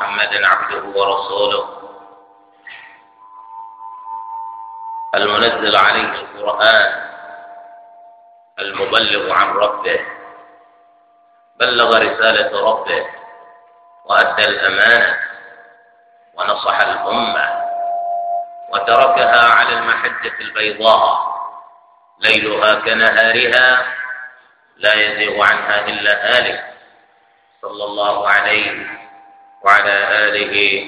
محمدا عبده ورسوله المنزل عليه القرآن المبلغ عن ربه بلغ رسالة ربه وأدى الأمانة ونصح الأمة وتركها على المحجة البيضاء ليلها كنهارها لا يزيغ عنها إلا هالك صلى الله عليه وعلى آله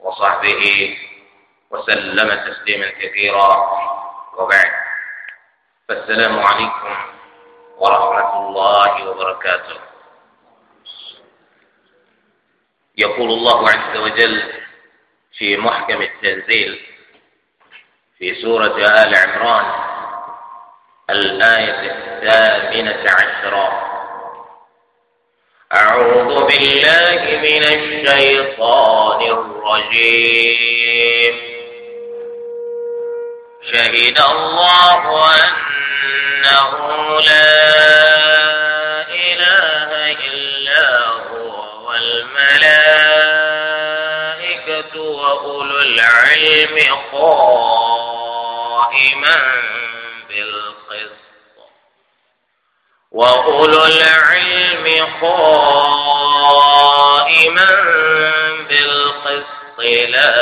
وصحبه وسلم تسليما كثيرا وبعد فالسلام عليكم ورحمة الله وبركاته يقول الله عز وجل في محكم التنزيل في سورة آل عمران الآية الثامنة عشرة أعوذ بالله من الشيطان الرجيم شهد الله أنه لا إله إلا هو والملائكة وأولو العلم قائما بالقسط وأولو العلم قائما بالقسط لا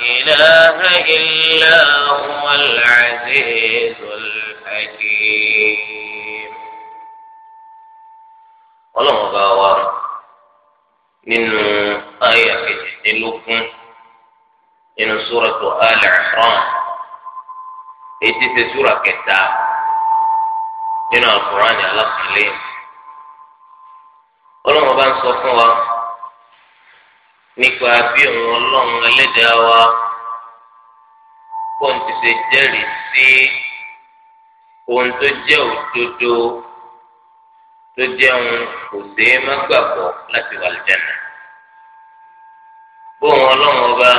إله إلا هو العزيز الحكيم ولم أغاور من آية في تحتلكم من سورة آل عمران هي سورة كتاب nínú àkùránì alákùnlé ọlọ́run bá ń sọ fún wa nípa bí òun ọlọ́run ẹlẹ́dàá wa kó n ti ṣe jẹ́rìí sí ohun tó jẹ́ òdodo tó jẹ́ ohun kò dé má gbàgbọ́ láti wà lẹ́nà bóun ọlọ́run ọba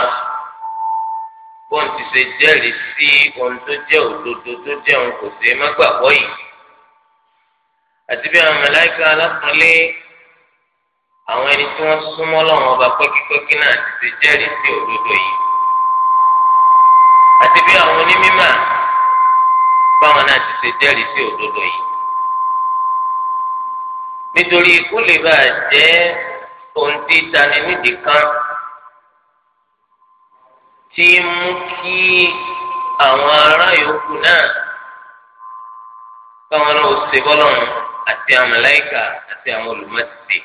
bóun ti ṣe jẹ́rìí sí ohun tó jẹ́ òdodo tó jẹ́ kò dé má gbàgbọ́ yìí àti bí àwọn mẹláìkà alákùnrin àwọn ẹni tí wọ́n súnmọ́ lọ́wọ́ ọba pẹ́kípẹ́kí náà ti ti jẹ́rìí sí òdodo yìí àti bí àwọn onímímà báwọn náà ti ti jẹ́rìí sí òdodo yìí nítorí ikú lè bá a jẹ́ ohun tí tani nídìí kan tí mú kí àwọn ará yòókù náà káwọn náà ó ṣe bọ́lọ́run àti àwọn màláíkà àti àwọn olùmọ̀tìtì.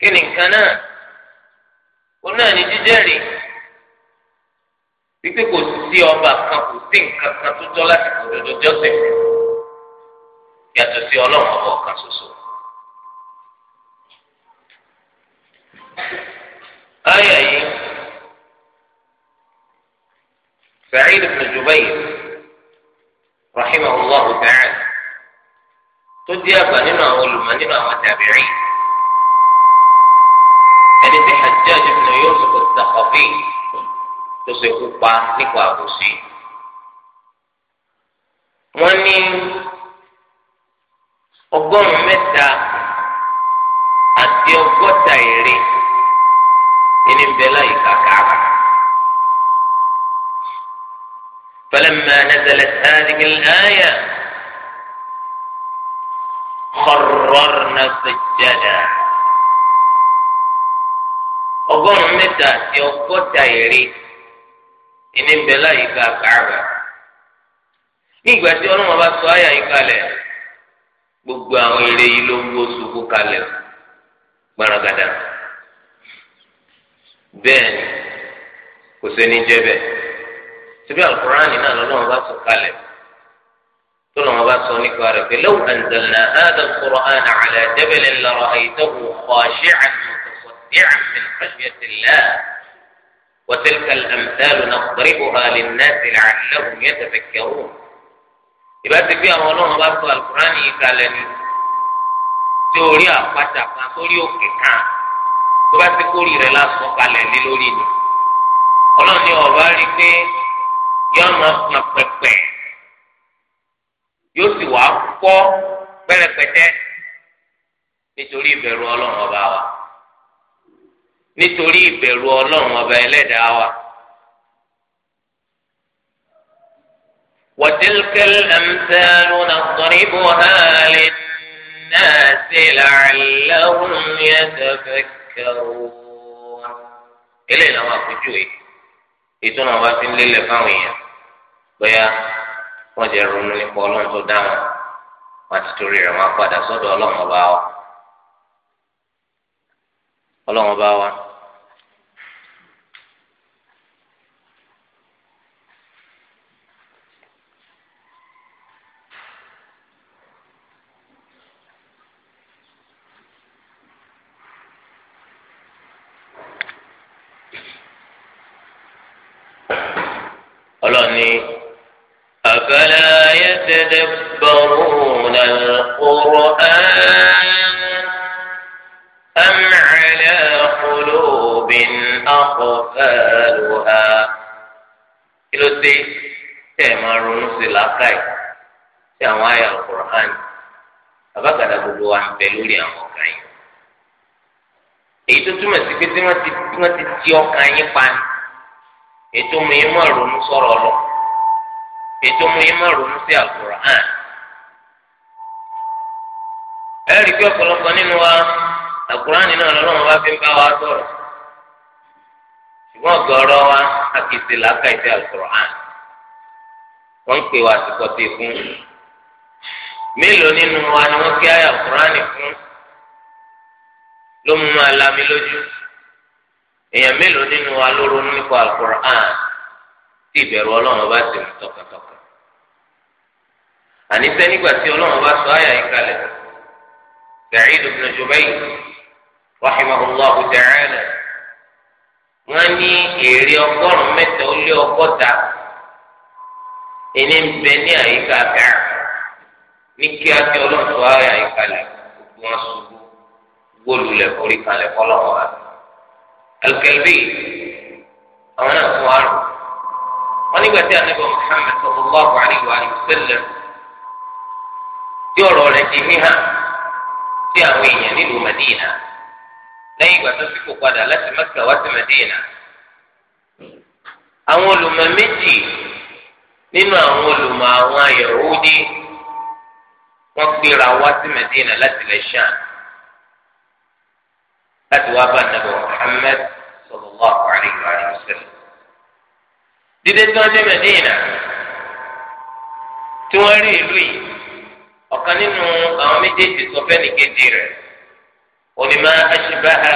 kí ni nǹkan náà ó náà ní jíjẹ́rìí wípé kò sí ọba kan kò sí nǹkan kan tó tọ́ láti kò dodo jọ́sẹ̀ yàtọ̀ sí ọlọ́run ọba ọ̀kan ṣoṣo. آية سعيد بن جبير díẹ̀ gbà nínú àwọn olùmọ̀ nínú àwọn tàbíìn ẹni tí Hajjaj ibn Yusuf al-Thaqafi tó ṣe kú pa nípa àbòsí. wọ́n ní ọgọ́rùn-ún àti ọgọ́ta èrè ẹni ń bẹ láyé kàkàrà. فلما نزلت هذه الآية kharrarna sajjada ọgọ́rùn-ún mẹ́ta àti ọgọ́ta èrè ìní ń bẹ láyé ká Káàbà ní ìgbà tí ọlọ́run bá sọ àyà yìí kalẹ̀ gbogbo àwọn èrè yìí ló ń wó ṣubú kalẹ̀ gbaragada bẹ́ẹ̀ kò sẹ́ni jẹ́ bẹ́ẹ̀ síbi àlùkùránì náà lọ́lọ́run bá sọ kalẹ̀ tọ́lọ̀ wọn bá sọ nípa rẹ̀ pé lọ́wọ́ àǹzẹ̀lẹ̀ àádọ́ sọ̀rọ̀ àná àlẹ́ jẹ́bẹ̀lẹ̀ lọ́rọ̀ àìtọ́wò kọ́ṣẹ́ àtúntòṣọ́dẹ́ àfẹ́lẹ́fẹ́lẹ́ وتلك الأمثال نضربها للناس لعلهم يتفكرون ìbáṣe bí àwọn ọlọ́run bá sọ alukurani yìí kalẹ̀ ni tí orí àpáta kan sórí òkè kan tó bá ti kórì rẹ̀ lásán kalẹ̀ lé lórí ni ọlọ́run ni ọ̀rọ̀ yóò sì wá kọ́ pẹ́rẹpẹ́tẹ́ nítorí ìbẹ̀rù ọlọ́run ọba wa nítorí ìbẹ̀rù ọlọ́run ọba ẹlẹ́dàá wa. وتلك الأمثال نضربها للناس لعلهم يتفكرون إلينا ما àpèjúwe ètò náà wá sí nílẹ̀ fáwọn èèyàn bóyá wọ́n jẹ́ ronú nípa ọlọ́run tó dá wọn wọ́n ti torí rẹ̀ wọ́n á padà sọ́dọ̀ ọlọ́run ọba wa ọlọ́run ọba wa. ọlọ́ni. أفلا يتدبرون القرآن أم على قلوب أقفالها kí ló dé tẹ́ ẹ̀ máa ronú sí làákàyè sí àwọn àyà alukur'an àbákàdá gbogbo wa ń bẹ lórí àwọn ọkàn yìí èyí tó túmọ̀ sí pé tí wọ́n ti ti ọkàn yín pa ètò mi máa ronú sọ̀rọ̀ lọ ètò mú yín má ronú sí Al-Qur'an ẹ rí i pé ọ̀pọ̀lọpọ̀ nínú wa Al-Qur'an náà lọ́wọ́ bá fi ń bá wa sọ̀rọ̀ ṣùgbọ́n ọ̀gọ̀ọ̀rọ̀ wa a kì í ṣe làákà ìṣe Al-Qur'an wọ́n ń pè wá àsìkò tó fún mélòó nínú wa ni wọ́n kí àyà Al-Qur'an fún ló mú máa lami lójú èèyàn mélòó nínú wa ló ronú nípa Al-Qur'an tí ìbẹ̀rù ọlọ́run bá ti mú tọkàntọkàn. àníṣe nígbà tí ọlọ́run bá sọ àyà yìí kalẹ̀ Sa'id ibn Jubayr rahimahullahu ta'ala wọ́n ní èrè ọgọ́rùn-ún mẹ́ta ó lé ọgọ́ta ẹni ń bẹ ní àyíká bẹ́ẹ̀ ní kí á ti ọlọ́run sọ àyà yìí kalẹ̀ gbogbo wọn ṣubú gbólulẹ̀ orí kalẹ̀ fọlọ́wọ́ wa. al àwọn náà fún wa rò wọn nígbà tí anabi muhammed sallallahu alayhi wa sallam tí ọ̀rọ̀ rẹ̀ di híhàn sí àwọn èèyàn nílùú madina lẹ́yìn ìgbà tó fi kó padà láti mẹ́kà wá sí madina àwọn olùmọ̀ méjì nínú àwọn olùmọ̀ àwọn yahudi wọ́n gbéra wá sí madina láti lè ṣàn láti wá bá anabi muhammed sallallahu alayhi wa sallam dídé tí wọ́n dé Mẹdínà tí wọ́n rí ìlú yìí ọ̀kan nínú àwọn méjèèjì sọ fẹ́ni kejì rẹ̀ onímọ̀ aṣèbáha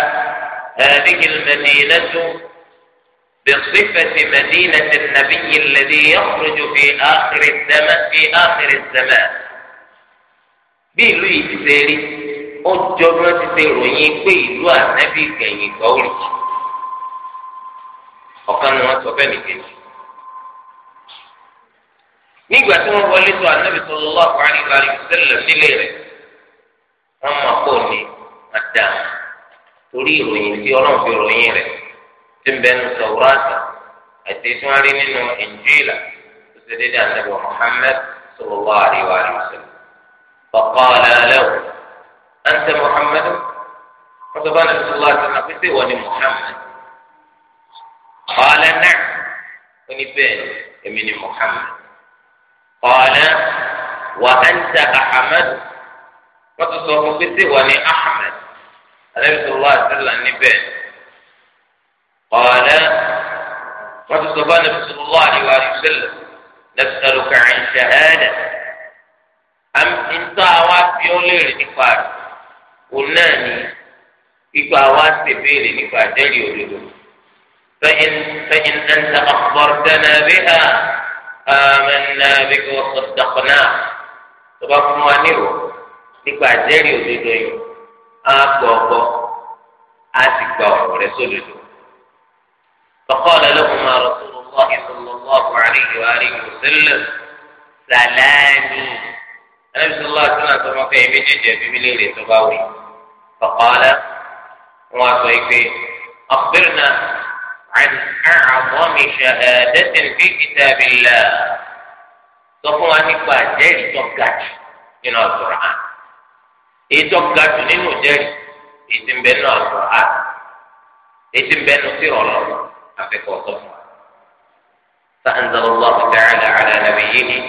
هذه المدينة بصفة مدينة النبي الذي يخرج في آخر الزمان في آخر الزمان bí ìlú yìí ti ṣe rí ó jọ bí wọ́n ti ṣe ròyìn pé ìlú ànábì kẹ̀yìn gbọ́ òrì ọ̀kan ni wọ́n sọ fẹ́ni kejì nígbà tí wọ́n wọlé tó anabi sallallahu alaihi wa sallam sile rẹ̀ wọ́n máa kó ní ada torí ìròyìn tí ọlọ́run fi ròyìn rẹ̀ tí ń bẹ nu tawrata àti tí wọ́n rí nínú injila tó ṣe dédé anabi muhammed sallallahu alaihi wa o à ń tẹ muhammed wọ́n sọ bá nàbí sallallahu àti wa sallam pé wọ́n ni muhammed. qala náà wọn ní bẹ́ẹ̀ èmi ni muhammed. ọ̀nà wà á ń ta ahmed wọ́n ti sọ fún pété wà ní ahmed alẹ́bíṣọ́ wà sílẹ̀ níbẹ̀ ọ̀nà wọ́n ti sọ fún alẹ́bíṣọ́ wà ní wà ní sílẹ̀ lẹ́bíṣọ́ kàrin ṣẹ̀hẹ́dẹ̀ ntọ́ àwa fi ó léèrè nípa rẹ̀ òun náà ni pípa àwa ṣe béèrè nípa àjẹ́rìí òdodo fẹ́yìn fẹ́yìn ẹ̀ ń ta ọ̀pọ̀ tẹ́lẹ̀ bí hàn. آمنا بك وصدقناك تبقى فمانيرو nípa àjẹrìí òdodo yìí á gbọ́ ọgbọ á sì gba ọ̀rọ̀ rẹ̀ sódodo. فقال لهم رسول الله صلى الله عليه وآله وسلم سلامي النبي صلى الله عليه وسلم ثم في مجد في مليل تباوي فقال واسويك أخبرنا عن أعظم شهادة في كتاب الله تقوى نقوى جيش تقاتل من القرآن إيه تقاتل نينو جيش بين القرآن يتم بين سير الله أفك فأنزل الله تعالى على نبيه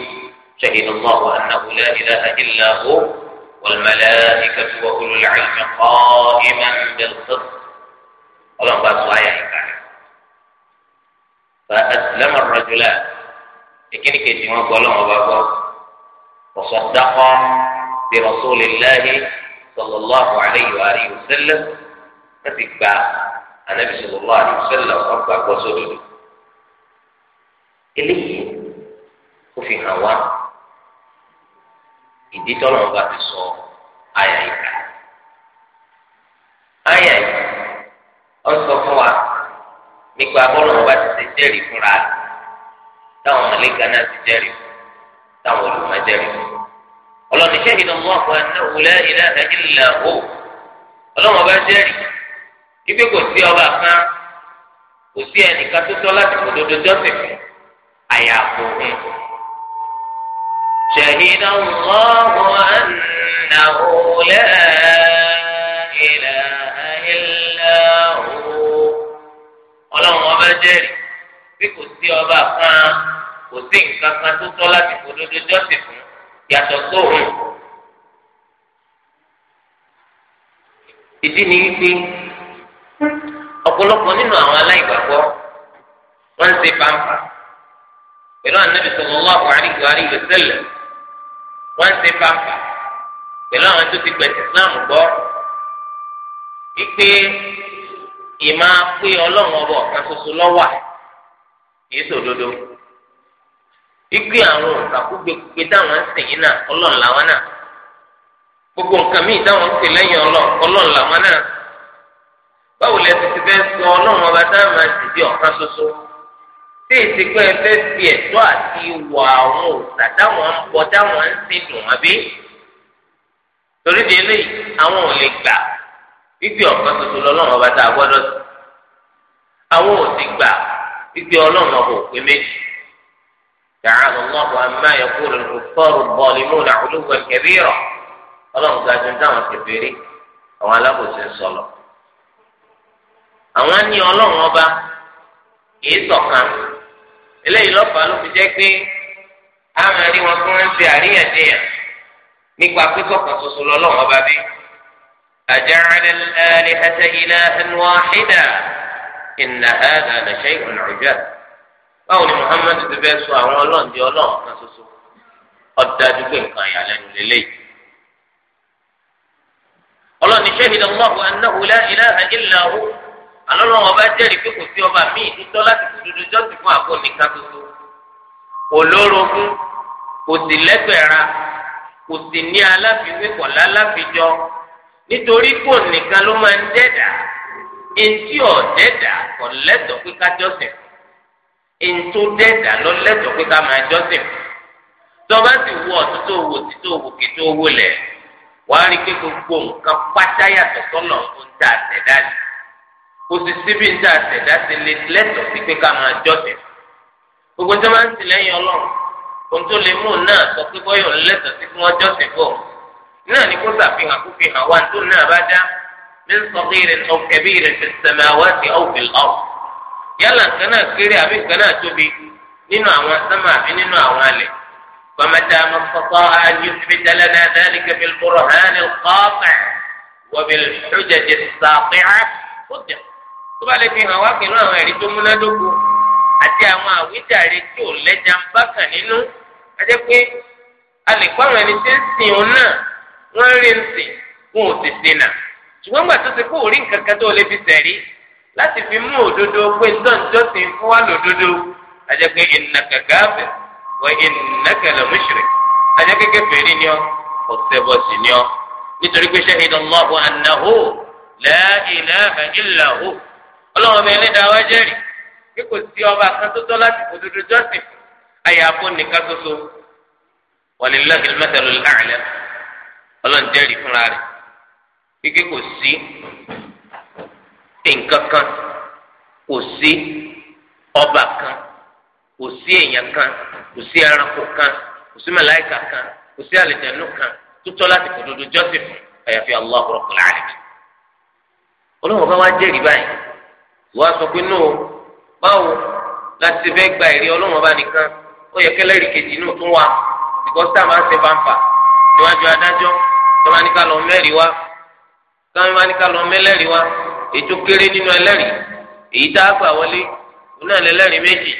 شهد الله أنه لا إله إلا هو والملائكة وأولو العلم قائما بالقسط ولم بأسوا آية فأسلم الرجلان إكني كيتي ما قال ما بابا وصدق برسول الله صلى الله عليه وآله وسلم فتكبع النبي صلى الله عليه وسلم ربع وسجد إليه وفي هوا ìdí tọ́lọ̀ ń bá ti sọ àyà ìka àyà jẹ́rìí fúnra táwọn mọ̀lẹ́kà náà ti jẹ́rìí táwọn olùmọ̀ jẹ́rìí ọlọ́ni sẹ́yìn náà wọ́n fọ ẹ̀ná wùlẹ́ ilẹ̀ ẹ̀dínlẹ̀ o ọlọ́wọ́n bá jẹ́rìí ibi kò sí ọba kan kò sí ẹnìkan tó tọ́ láti òdodo jọ́sìn àyàfò hùn شهد الله أنه لا إله إلا هو ولو ما جري bí kò sí ọba kan kò sí nǹkan kan tó tọ́ láti fòdodo jọ́sìn fún yàtọ̀ sóhun. ìdí ni wípé ọ̀pọ̀lọpọ̀ nínú àwọn aláìgbàgbọ́ wọ́n ń ṣe pàǹpà pẹ̀lú ànábì sallallahu alaihi wa alihi wasallam wọ́n ń ṣe pàǹpà pẹ̀lú àwọn tó ti gbẹ̀sẹ̀ Islam gbọ́ wípé ìmáa pé ọlọ́run ọba ọ̀kan ṣoṣo lọ́wọ́ kìí sòdodo ikú àwọn òǹkàkúgbèkúgbè táwọn ń sìn yín náà ọlọ́run làwọn náà gbogbo nǹkan míì táwọn ń sìn lẹ́yìn ọlọ́run làwọn náà báwo lẹ ti ti fẹ́ sọ ọlọ́run ọba tá a máa sì bí ọ̀kan ṣoṣo tí ìsìnkú ẹ fi ẹ̀tọ́ àti ìwà àwọn táwọn ń bọ táwọn ń sìn dùn torí di eléyìí àwọn ò lè gbà ọ̀kan ṣoṣo lọ́lọ́run ikpe ọlọ́run ọ̀hún òpè méjì dàrán ọlọ́run àmà ẹ̀kọ́ lọ́kọ̀ fọ́ọ̀rù bọ́ọ̀lì mú nà olúwa kẹ̀bí rọ̀ ọlọ́run ga dáhùn kẹfẹ́rí àwọn alábòsí sọlọ. àwọn ní ọlọ́run ọba kìí ṣọ̀kan eléyìí ló fi jẹ́ a máa rí wọn fún àríyànjiyàn nípa pípọ̀kan tuntun lọ́lọ́run ọba bí. inna hadha la shay'un 'ujab báwo ni muhammed ti fẹ́ sọ àwọn ọlọ́run di ọlọ́run kan ṣoṣo ọ̀dájú pé nǹkan ìyàlẹ́nu lélẹ́yìí. ọlọ́run ní shahida Allahu annahu la ilaha illa hu alọ́run ọba jẹ́rìí pé kò sí ọba míì títọ́ láti dúdú jọ́sìn fún àbọ̀ nìkan ṣoṣo kò lórogún kò sì lẹ́gbẹ̀ẹ́ra kò sì ní aláfiwé kọ̀lá láfijọ́ nítorí kò nìkan ló máa ń dẹ́dàá Enti ọ̀dẹ́dà kò lẹ́tọ̀ pé ká jọ́sìn. Enti ọ̀dẹ́dà lọ lẹ́tọ̀ pé ká máa jọ́sìn. Tọ́ba sì wo ọ̀tún tó wo tí tó wo kì tó wo lẹ̀. Wàá rí pé gbogbo nǹkan pátá yàtọ̀ sọ́nà ń ta àtẹ̀dá ni. Kò sì síbi ń ta àtẹ̀dá ti lè lẹ́tọ̀ sí pé ká máa jọ́sìn. Gbogbo tí wọ́n máa ń tì lẹ́yìn Ọlọ́run. Ohun tó lè mú un náà sọ pé bọ́yọ̀ lẹ́tọ̀ sí fún ọjọ́sìn fún náà ni kó sàfihàn kó fi hàn wá tó náà bá dá. من صغير أو كبير في السماوات أو في الأرض يلا كنا كيري أبي كنا تبي نينو أوان سما في نينو أوان فمتى ما استطاع أن يثبت لنا ذلك بالبرهان القاطع وبالحجج الساقعة صدق تبقى في هواك نوع يريد منادوكو àti àwọn àwíjàre tí ò lẹ́jà ń bá kàn nínú ajẹ́ pé a lè kó àwọn ẹni tí ń sìn òun náà wọ́n rí ń sìn fún òtítì náà ṣùgbọ́n gbà tó ti kó òrí nǹkan kan tó lè fi sẹ̀rí láti fi mú òdodo pé ntọ́ntọ́sìn fún wa lòdodo àjẹpẹ́ innaka kafir wa innaka la mushrik àjẹpẹ́ kèfèrí ni ọ́ ọ̀sẹ̀bọ̀sì ni ọ́ nítorí pé shahida Allahu annahu la ilaha ọlọ́run mi ẹlẹ́dàá wá jẹ́rìí pé kò sí ọba kan tó tọ́ láti òdodo jọ́sìn fún àyàfó nìkan tó so walillahi al ọlọ́run jẹ́rìí fúnra rẹ̀ kíkẹ́ kò sí nǹkan kan kò sí ọba kan kò sí èèyàn kan kò sí ẹranko kan kò sí màláíkà kan kò sí àlejànú kan tó láti kòdodo joseph àyàfi allah rabbul alamin olóhùn bá wá jẹ́rìí báyìí wọ́n á sọ pé nù báwo láti fẹ́ gba èrè olóhùn bá nìkan ó yẹ kẹlẹ́rì kejì inú tún wá bíkọ́ sáà máa ń ṣe fanfa níwájú adájọ́ tó ní ká lọ mẹ́rìí wá káwọn máa ní ká lọ mẹ́lẹ́rìí wa ètò kéré nínú ẹlẹ́rìí èyí tá a gbà wọlé oní ẹlẹ́rìí méjì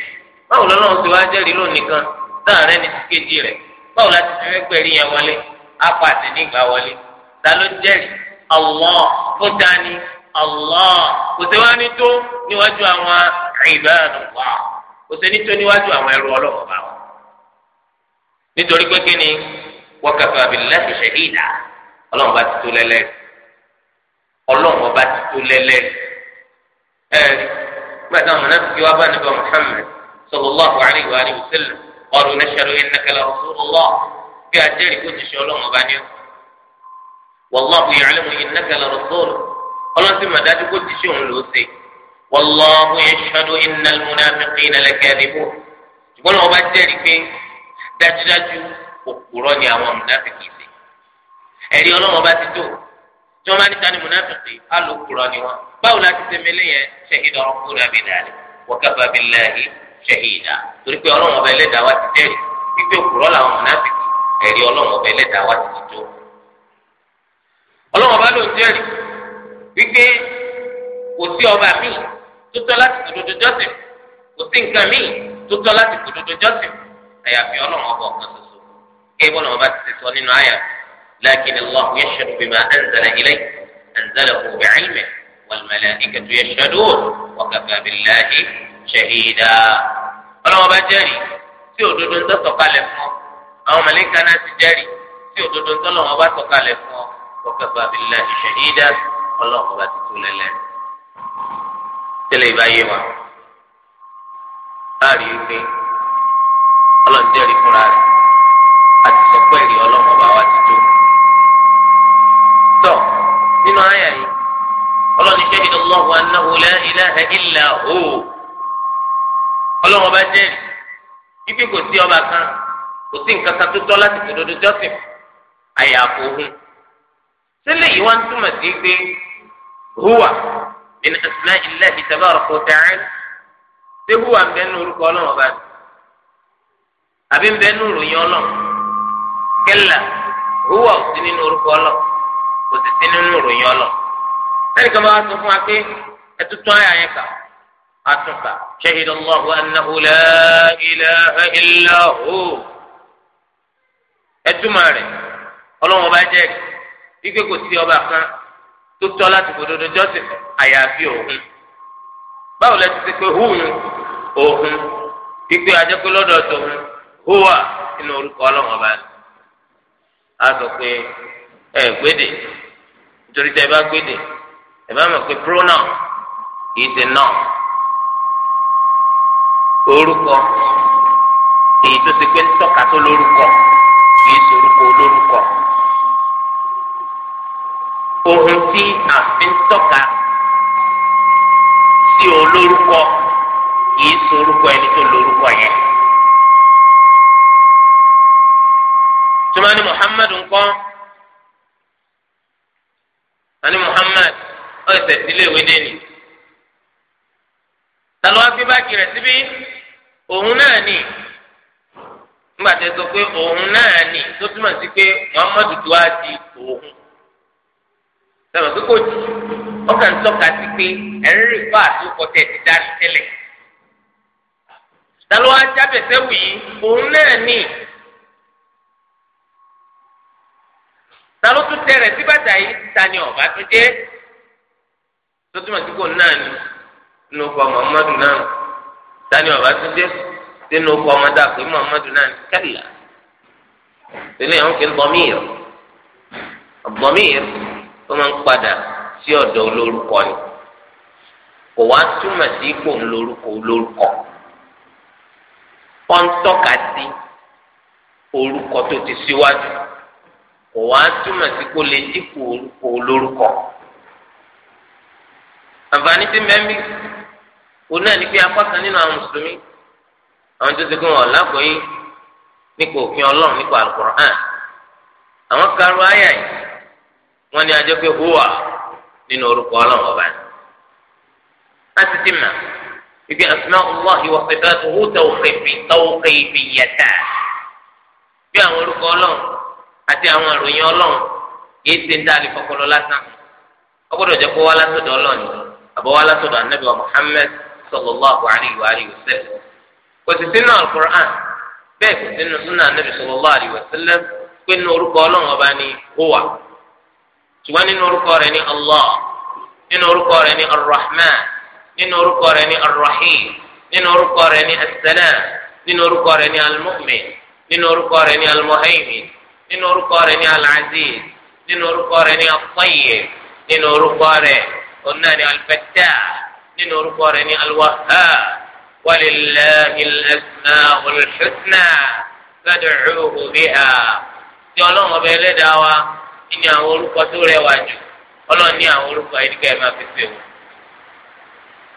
báwo lọ́nà ti wá jẹ́rìí lónìí kan láàrin ẹni tí kejì rẹ̀ báwo la ti fẹ́ gbẹ̀rí yẹn wọlé apá àti nígbà wọlé ta ló jẹ́rìí Allah fún dání Allah kò sí wá ní tó níwájú àwọn ibadullah kò sí ní tó níwájú àwọn ẹrú ọlọ́wọ́ bá wọn. nítorí pé kí ni wa kafa billahi shahida ọlọ́run ọba ti tó lẹ́lẹ́ ẹ gbàdá àwọn náà fi wá bá nípa Muhammad sallallahu alayhi wa alihi wa sallam ọ̀rọ̀ nashhadu innaka la rasulullah bí ajẹ́rìí kó ti ṣe ọlọ́run ọba ni ó wallahu ya'lamu innaka la rasul ọlọ́run sì máa kó ti ṣe òun lòó ṣe wallahu yashhadu innal munafiqina lakadibun ṣùgbọ́n ọba jẹ́rìí pé tí wọ́n bá ní sani munafiki alùpùrọ̀ ni wọ́n báwo la ti tẹ̀mẹ́lẹ́ yẹn ṣẹ̀hídà ọ̀kúnrin abidali wọ́kàfà bíláhi ṣẹ̀hídà torí pé ọlọ́run ọba ẹlẹ́dàá wa ti dẹ́rì wípé òkúrọ̀ làwọn munafiki ẹ̀rí ọlọ́run ọba ẹlẹ́dàá wa ti ti tó. ọlọ́run ọba ló dẹ́rì wípé kò sí ọba míì tó tọ́ láti kòtòdó jọ́sìn kò sí nǹkan míì tó tọ́ láti kòtòdó jọ́sìn àyàfi ọlọ́run ọba ọ̀kan ṣoṣo kí لكن الله يشهد بما أنزل إليه أنزله بعلمه والملائكة يشهدون وكفى بالله شهيدا ọlọ́wọ́ bá jẹ́rìí tí òdodo ń tọ́sọ̀kalẹ̀ fún ọ àwọn mẹ̀lẹ́kà náà ti jẹ́rìí tí òdodo ń tọ́lọ́wọ́ bá sọ̀kalẹ̀ fún ọ وكفى بالله شهيدا ọlọ́wọ́ bá ti tú lẹ́lẹ́. tẹ́lẹ̀ ìbáyé wa láàrin ìgbé ọlọ́run jẹ́rìí fúnra rẹ̀ àti sọ pé èrè ọlọ́run sínú àyà yìí ọlọ́ni shahida Allahu annahu la ilaha illa hu ọlọ́run ọba jẹ́rìí kò sí ọba kan kò sí nǹkan kan tó tọ́ láti tòdodo jọ́sìn àyàfò hun sílẹ̀ yìí wá túmọ̀ sí pé huwa min asma'i Allahi tabaraka wa ta'ala ṣé huwa ń bẹ nínú orúkọ àbí ń bẹ huwa ò sí nínú kò sì sí nínú ìròyìn ọlọ ẹnìkan bá sọ fún wa pé ẹtútù ayà yẹn kà àtúnkà ṣahida Allahu annahu la ilaha illa hu ẹtúmọ̀ rẹ̀ ọlọ́wọ́n bá jẹ́ wípé kò sí ọba kan tó tọ́ láti gbòdodo jọ́sìn àyàfi òun báwo lẹ ti ṣe pé hùn òun wípé ajẹ́pẹ́ lọ́dọ̀ tòun hùwà nínú orúkọ ọlọ́wọ́n bá a sọ nítorí tẹ ẹ bá gbéde ẹ bá mọ̀ pé pronoun kì í ṣe noun orúkọ èyí tó ṣe pé ń tọ́ka tó lórúkọ kì í ṣe orúkọ olórúkọ ohun tí a fi ń tọ́ka sí olórúkọ kì í ṣe ẹni tó lórúkọ yẹn. tumani muhammadu nǹkan ani Muhammad ọ ẹsẹ sílé ìwé dẹni talo afi báàgì rẹ síbi òun náà ni nígbà tó sọ pé òun náà ni tó túmọ̀ sí pé Muhammadu tó a di òun sábà pé kò jù ọkà ń tọ́ka sí pé ẹ̀rí rí tó kọtẹ́ ti dárí tẹ́lẹ̀ talo ajá bẹ̀sẹ̀ wù yí òun náà ni. ta ló tún tẹ rẹ̀ sí bàtà yìí ta ni ọ̀bá tún dé tó túmọ̀ sí kò náà ni nínú ọkọ̀ Muhammadu náà ta ni ọ̀bá tún dé nínú ọkọ̀ ọmọdé àpè Muhammadu náà ni kẹ́lá ilé yẹn ń fi dọ́míìr dọ́míìr ó máa ń padà sí ọ̀dọ̀ olórúkọ ni kò wá túmọ̀ sí ipò olórúkọ olórúkọ ó sí orúkọ tó ti síwájú. Si kò wá túmọ̀ sí kó lè dínkù olórúkọ. àǹfààní tí mẹ́mí òun náà ní pé apá kan nínú àwọn mùsùlùmí àwọn tó ti gún wọn lágbóyún nípa òfin ọlọ́run nípa alukur'an àwọn karu àyà yìí wọ́n ní ajẹ́ pé hùwà nínú orúkọ ọlọ́run ọba ni. a ti ti mà ibi asma'ullahi wa àti àwọn ìròyìn ọlọ́run kìí ṣe ń dáàlì fọpọlọ lásán ọgbọ́dọ̀ jẹ́ kó wá látọ̀dọ̀ ọlọ́run àbọ̀ wá látọ̀dọ̀ anábì wa Muhammad sallallahu alayhi wa alihi wa sallam kò sì sínú alukur'an bẹ́ẹ̀ kò sínú sunna anábì sallallahu alayhi wa sallam pé nínú orúkọ ọlọ́run ọba ni huwa ṣùgbọ́n nínú orúkọ rẹ̀ ni Allah nínú orúkọ rẹ̀ ni arrahman nínú orúkọ rẹ̀ ni arrahim nínú orúkọ rẹ̀ ni assalam nínú orúkọ rẹ̀ ni almu'min nínú orúkọ rẹ̀ ni almuhaimin nínú orúkọ rẹ̀ ní Al-Aziz nínú orúkọ rẹ̀ ní At-Tayyib nínú orúkọ rẹ̀ ọ̀nà ní Al-Fattah nínú orúkọ rẹ̀ ní Al-Wahhab walillahi al-asma'ul husna fad'uhu biha tí ọlọ́run ọba ẹlẹ́dàá wa ní àwọn orúkọ tó rẹwà jù ọlọ́run ní àwọn orúkọ ayélujára ẹ̀ máa fi ṣe wò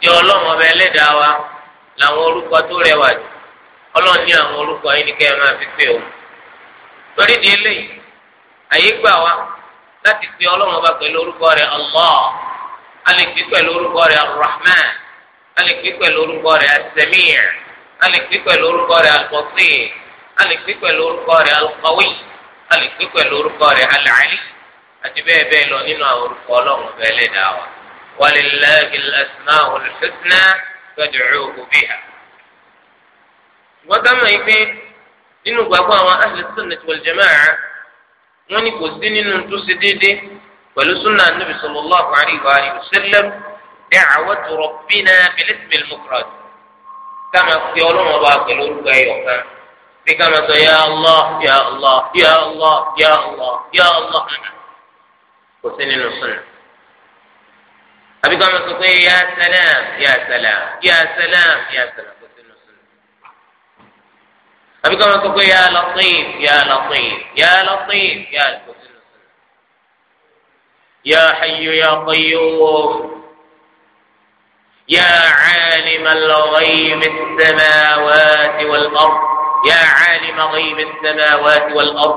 tí ọlọ́run ọba wa làwọn orúkọ tó rẹwà jù ọlọ́run ní àwọn orúkọ ayélujára ẹ̀ máa fi ṣe torí di eléyìí àyè gbà wá láti pe ọlọ́run ọba pẹ̀lú orúkọ Allah a pẹ̀lú orúkọ rẹ̀ rahman a lè pè pẹ̀lú orúkọ rẹ̀ As-Sami' a lè pè pẹ̀lú orúkọ rẹ̀ Al-Basir a pẹ̀lú orúkọ a pẹ̀lú orúkọ rẹ̀ ali àti bẹ́ẹ̀ bẹ́ẹ̀ lọ nínú wa nínú gbàgbọ́ àwọn ahlu sunnati wal jama'a wọ́n ní kò sí nínú tó ṣe déédé pẹ̀lú sunna nabi sallallahu alayhi wa sallam da'watu rabbina bil ismi al mufrad kama fi ọlọ́wọ́n bá pẹ̀lú orúkọ ẹ̀yọ̀ kan bí kama sọ ya allah ya allah ya allah ya allah ya allah kò sí nínú sunna àbí kama sọ pé ya salam ya salam ya salam ya salam. àbí kọ́ máa sọ pé yà á Latif yà á Latif yà á Latif yà á Latif yà á Hayyu yà á Qayyum yà á Alim al-Ghayb as-samawati wal-ard yà á Alim Ghayb as-samawati wal-ard.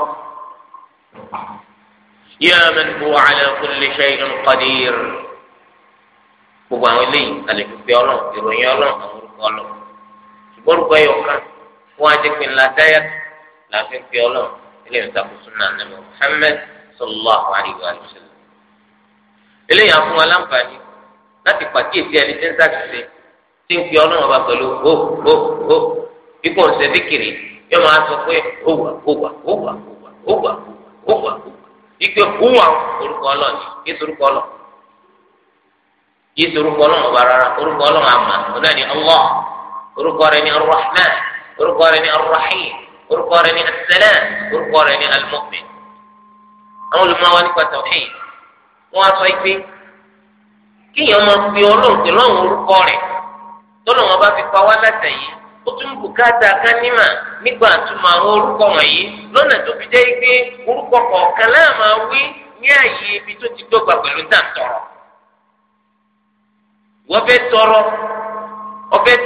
يا من هو على كل شيء قدير gbogbo àwọn eléyìí alẹ́kùnfẹ́ ọlọ́run ìròyìn ọlọ́run àwọn orúkọ ọlọ́run ṣùgbọ́n orúkọ ẹ̀yọ̀ kan wọn á jẹ la ńlá dáyà làfi ń pe ọlọ́run ilé ìtakùsùn náà nàbẹ Muhammad sallallahu alayhi wa sallam eléyìí á fún wa láǹfààní láti pàkíyèsí ẹni tí ń sàkíyèsí tí ń pe ọlọ́run ọba pẹ̀lú yóò máa sọ pé ike orúkọ kí sorúkọ sorúkọ ọba rárá orúkọ orúkọ rẹ̀ ní arrahim orúkọ rẹ̀ ní assalam orúkọ rẹ̀ ní almu'min àwọn olùmọ̀wá nípa tawhid wọ́n á sọ pé máa fi ọlọ́run pẹ̀lú àwọn orúkọ rẹ̀ tọ́lọ̀ wọn bá fi pa wá látẹ̀yìn ó tún bùkátà kánímà nígbà àtúmọ̀ àwọn orúkọ wọ̀nyí tó fi orúkọ láà máa wí ní ibi tó ti tọrọ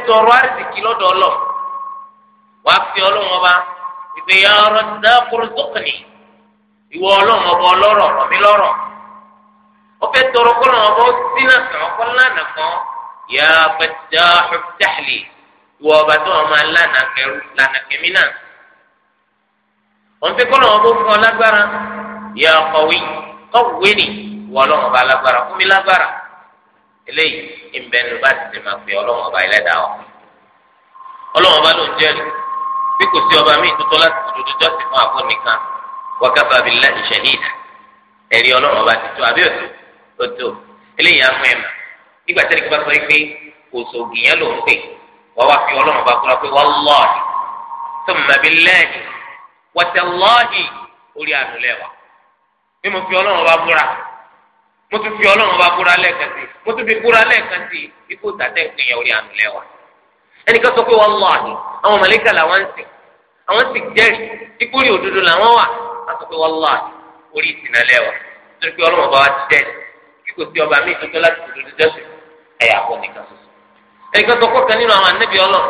tọrọ àrísìkí wàá fi ọlọ́run ọba ìgbéyà ọ̀rọ̀ dákúrú tókìnì ìwọ ọlọ́run ọba ọlọ́rọ̀ ọ̀rọ̀ mi lọ́rọ̀ ọbẹ̀ tọrọ kọ́ lọ́run ọba sínú àtàwọn kọ́ lánàá kan yà á bẹ dá ọ̀pẹ̀tàlì ìwọ ọba tó wọn máa lánàá kẹrù lánàá kẹmí náà wọn fi kọ́ lọ́run ọba fún ọ lágbára yà á kọ̀wé kọ̀wé ni ìwọ ọlọ́run ọba lágbára fún mi lágbára eléyìí ìbẹ̀nu bá ti ti máa fi ọlọ́run ọba ẹlẹ́dàá ọ ọlọ́run ọba ló ń jẹ́rìí bí kò sí ọba míì tuntun láti dúdú jọ́sìn fún àbó nìkan wákàtí abilá ìṣẹ̀hìd ẹ̀rí ọlọ́run ọba ti tó àbí òtún tó tó eléyìí amú ẹ̀mà nígbà tẹ́lẹ̀ kí wọ́n sọ pé kò sóògì yẹn ló ń pè wọ́n wá fi ọlọ́run ọba kúra pé wallahi thumma billahi wa tallahi orí àdúlẹ̀ bí mo fi ọlọ́run ọba kúra mo tún fi ọlọ́run ọba kúra lẹ́ẹ̀kan sí mo tún fi kúra lẹ́ẹ̀kan sí ikú tàtẹ́ ìpínyà orí àdúlẹ̀ ẹnìkan sọ pé wọn lọ àdé àwọn mọlẹkà làwọn ń sìn àwọn sì jẹrìí ikúri òdodo làwọn wà wọn sọ pé wọn lọ àdé orí ìsìnàlẹ wa torí pé ọlọmọba wa ti jẹrìí bí kò sí ọba mi ìtọ́jú láti òdodo jẹ́sùn ẹ̀yà àpò nìkan ṣoṣo ẹnìkan sọ pé ọ̀kan nínú àwọn anábì ọlọ́run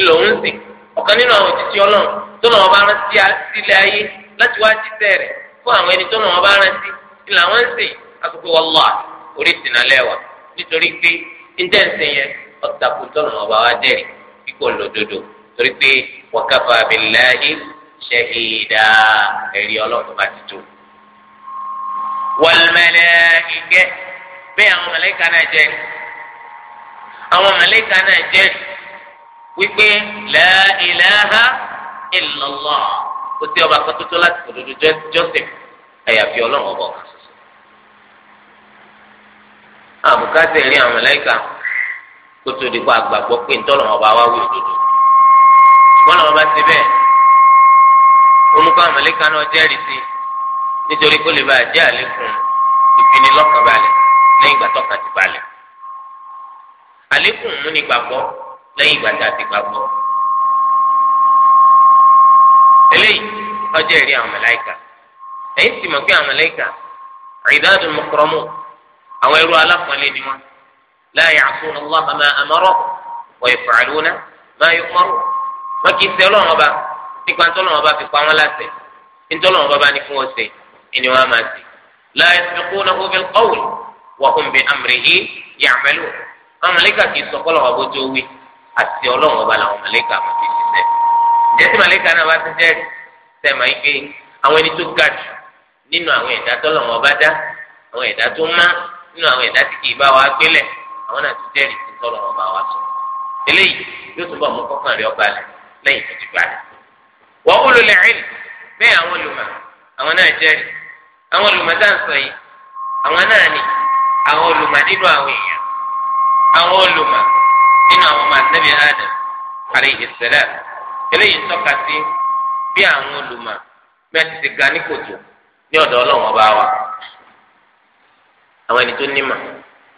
ńlọ ń sìn ọ̀kan nínú àwọn òjijì ọlọ́run tó lọ́wọ́ bá rántí sílẹ̀ ayé láti wá jíṣẹ́ rẹ̀ fún àwọn ẹni tó lọ́wọ́ bá rántí ìlànà ń sìn àtúkò wọ́n lọ́à orí ìsìnàlẹ́ wa nítorí pé ń ọ̀tàkùtọ̀nù ọba wa dẹ̀rì kíkọ́ lòdodo torí pé wakafa billahi shahida ẹ̀rí ọlọ́run bá ti tó. wal malaika bẹ́ẹ̀ àwọn mẹlẹ́kà náà jẹ́ àwọn mẹlẹ́kà náà jẹ́ wípé la ilaha illallah kò sí ọba kan tó tó láti lòdodo jọ́sẹ̀ àyàfi ọlọ́run ọba ọ̀kan ṣoṣo. àbùkátẹ̀ rí àwọn mẹlẹ́kà kótó di kó àgbàgbọ́ pé ntọ́lọ̀ wọn bá wá wí òdodo ṣùgbọ́n làwọn bá ti bẹ́ẹ̀ olùkọ́ àmàlẹ́kà náà jẹ́rìí sí nítorí kó lè bá jẹ́ àlékún ìfinilọ́kàn balẹ̀ lẹ́yìn ìgbà tọ́ka ti balẹ̀ àlékún mú ní gbàgbọ́ lẹ́yìn ìgbà tá a ti gbàgbọ́ eléyìí ọjọ́ ìrí àmàlẹ́kà ẹ̀yìn sì mọ̀ pé àmàlẹ́kà ìdádùn mọ̀kọ́rọ́mù àwọn ẹrú aláfọ̀ọ́lẹ́ ni wọ́n la ya'suna Allaha ma amarahum wa yaf'aluna ma yu'marun wọn kì í ṣe Ọlọ́run ọba nípa ntọ́lọ́run ọba fi pa wọn láṣẹ ntọ́lọ́run ọba bá ní fún wọn ṣe ẹni wọn á máa ṣe la yasbiqunahu bil qawl wa hum bi amrihi ya'malun àwọn màlàíkà kì í sọ kọ́lọ̀ ọba tó wí àti Ọlọ́run ọba làwọn màlàíkà máa fi ṣiṣẹ́ jẹ́sí màlàíkà náà bá ti jẹ́rìí sẹ́mà yìí pé àwọn ẹni tó ga jù nínú àwọn ẹ̀dá tọ́lọ́run ọba dá àwọn ẹ̀dá tó má nínú àwọn ẹ̀dá tí kì í bá wa gbélẹ̀ àwọn náà ti jẹ́rìí sí tọ́lọ̀ wọn máa wá sọ eléyìí yóò túbọ̀ mú kọ́kàn rí ọba rẹ̀ lẹ́yìn tó ti gbà rẹ̀ wọ́n ó lulẹ̀ bẹ́ẹ̀ àwọn olùmọ̀ àwọn náà jẹ́rìí àwọn olùmọ̀ dá ń sọ yìí àwọn náà ni àwọn olùmọ̀ nínú àwọn èèyàn àwọn olùmọ̀ nínú àwọn eléyìí tọ́ka sí bí àwọn olùmọ̀ bẹ́ẹ̀ ti ti ga ní kòtò ní ọ̀dọ̀ Ọlọ́run ọba wa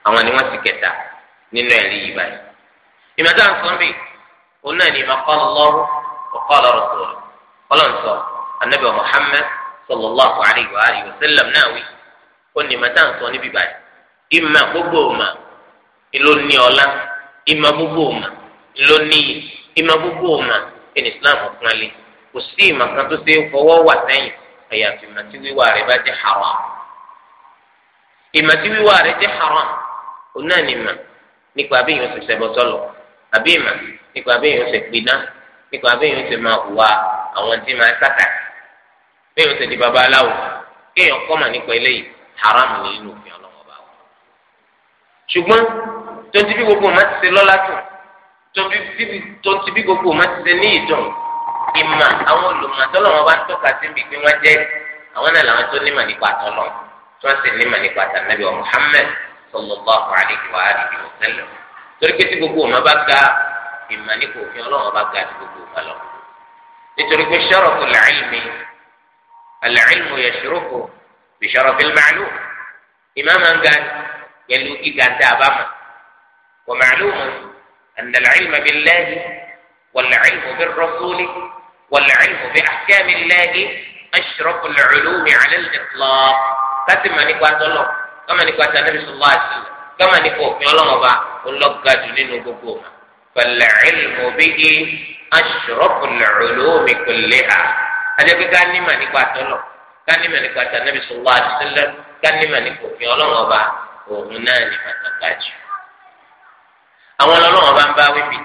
àwọn ni wọ́n ti kẹta nínú ẹ̀rí yìí báyìí ìmọ̀tá nǹkan bíi òun náà ni maqala Allah wa qala rasul ọlọ́nsọ anabi Muhammad sallallahu alayhi wa alihi wa sallam náà wí ó ní ìmọ̀tá nǹkan níbi báyìí ìmọ̀ gbogbo òmà ló ní ọlá ìmọ̀ gbogbo òmà ló ní ìmọ̀ gbogbo òmà ẹni Islam kan lé kò sí ìmọ̀ kan tó ṣe fọwọ́ wà sẹ́yìn àyàfi ìmọ̀ tí wíwà rẹ̀ bá jẹ́ haram ìmọ̀ tí wíwà rẹ̀ jẹ́ haram òun náà ní mà nípa abéyàn ṣe ṣẹbọ sọlọ àbí mà nípa abéyàn ṣe gbiná nípa abéyàn ṣe máa hùwà àwọn tí máa sàkà béèyàn ṣe di babaláwo kéèyàn kọ́ nípa haram ní òfin ọlọ́wọ́ bá wà. ṣùgbọ́n tonti bí ma ti ṣe lọ́lá tó tonti bí gbogbo ma ti ṣe ní ìdùn ìmà àwọn olùmọ̀tọ́lọ̀ wọn bá tọ́ka sí wọ́n jẹ́ àwọn náà làwọn tó nípa tí sallallahu alayhi wa alihi wa sallam torí pé tí gbogbo ọmọ bá ga ìmọ̀ nípa òfin ọlọ́run bá ga tí gbogbo ọmọ lọ nítorí pé sharaf al-ilmi al-ilmu yashrufu bi sharaf al-ma'lum ìmọ̀ máa ń ga pẹ̀lú gíga tá a bá mọ̀ wa ma'lumun anna al-ilma billahi wal-ilmu bir-rasuli wal-ilmu bi ahkamillahi ashrafu al-ulumi ala al-itlaq kátìmọ̀ nípa tọ́lọ̀ kama nípa tí anabi sọlá àti kama nípa òfin ọlọ́run ọba ọlọ́gà jù nínú gbogbo ọmọ pẹ̀lẹ́ ìlú bíi aṣọ́rọ́pù lẹ́rọ̀lọ́mì pẹ̀lẹ́ ha adékè ká nímà nípa tọ́lọ̀ ká nímà nípa tí anabi sọlá àti sẹlẹ̀ ká nímà nípa òfin ọlọ́run ọba òun náà ní pàtàkì àjù. àwọn ọlọ́run ọba ń bá wíbi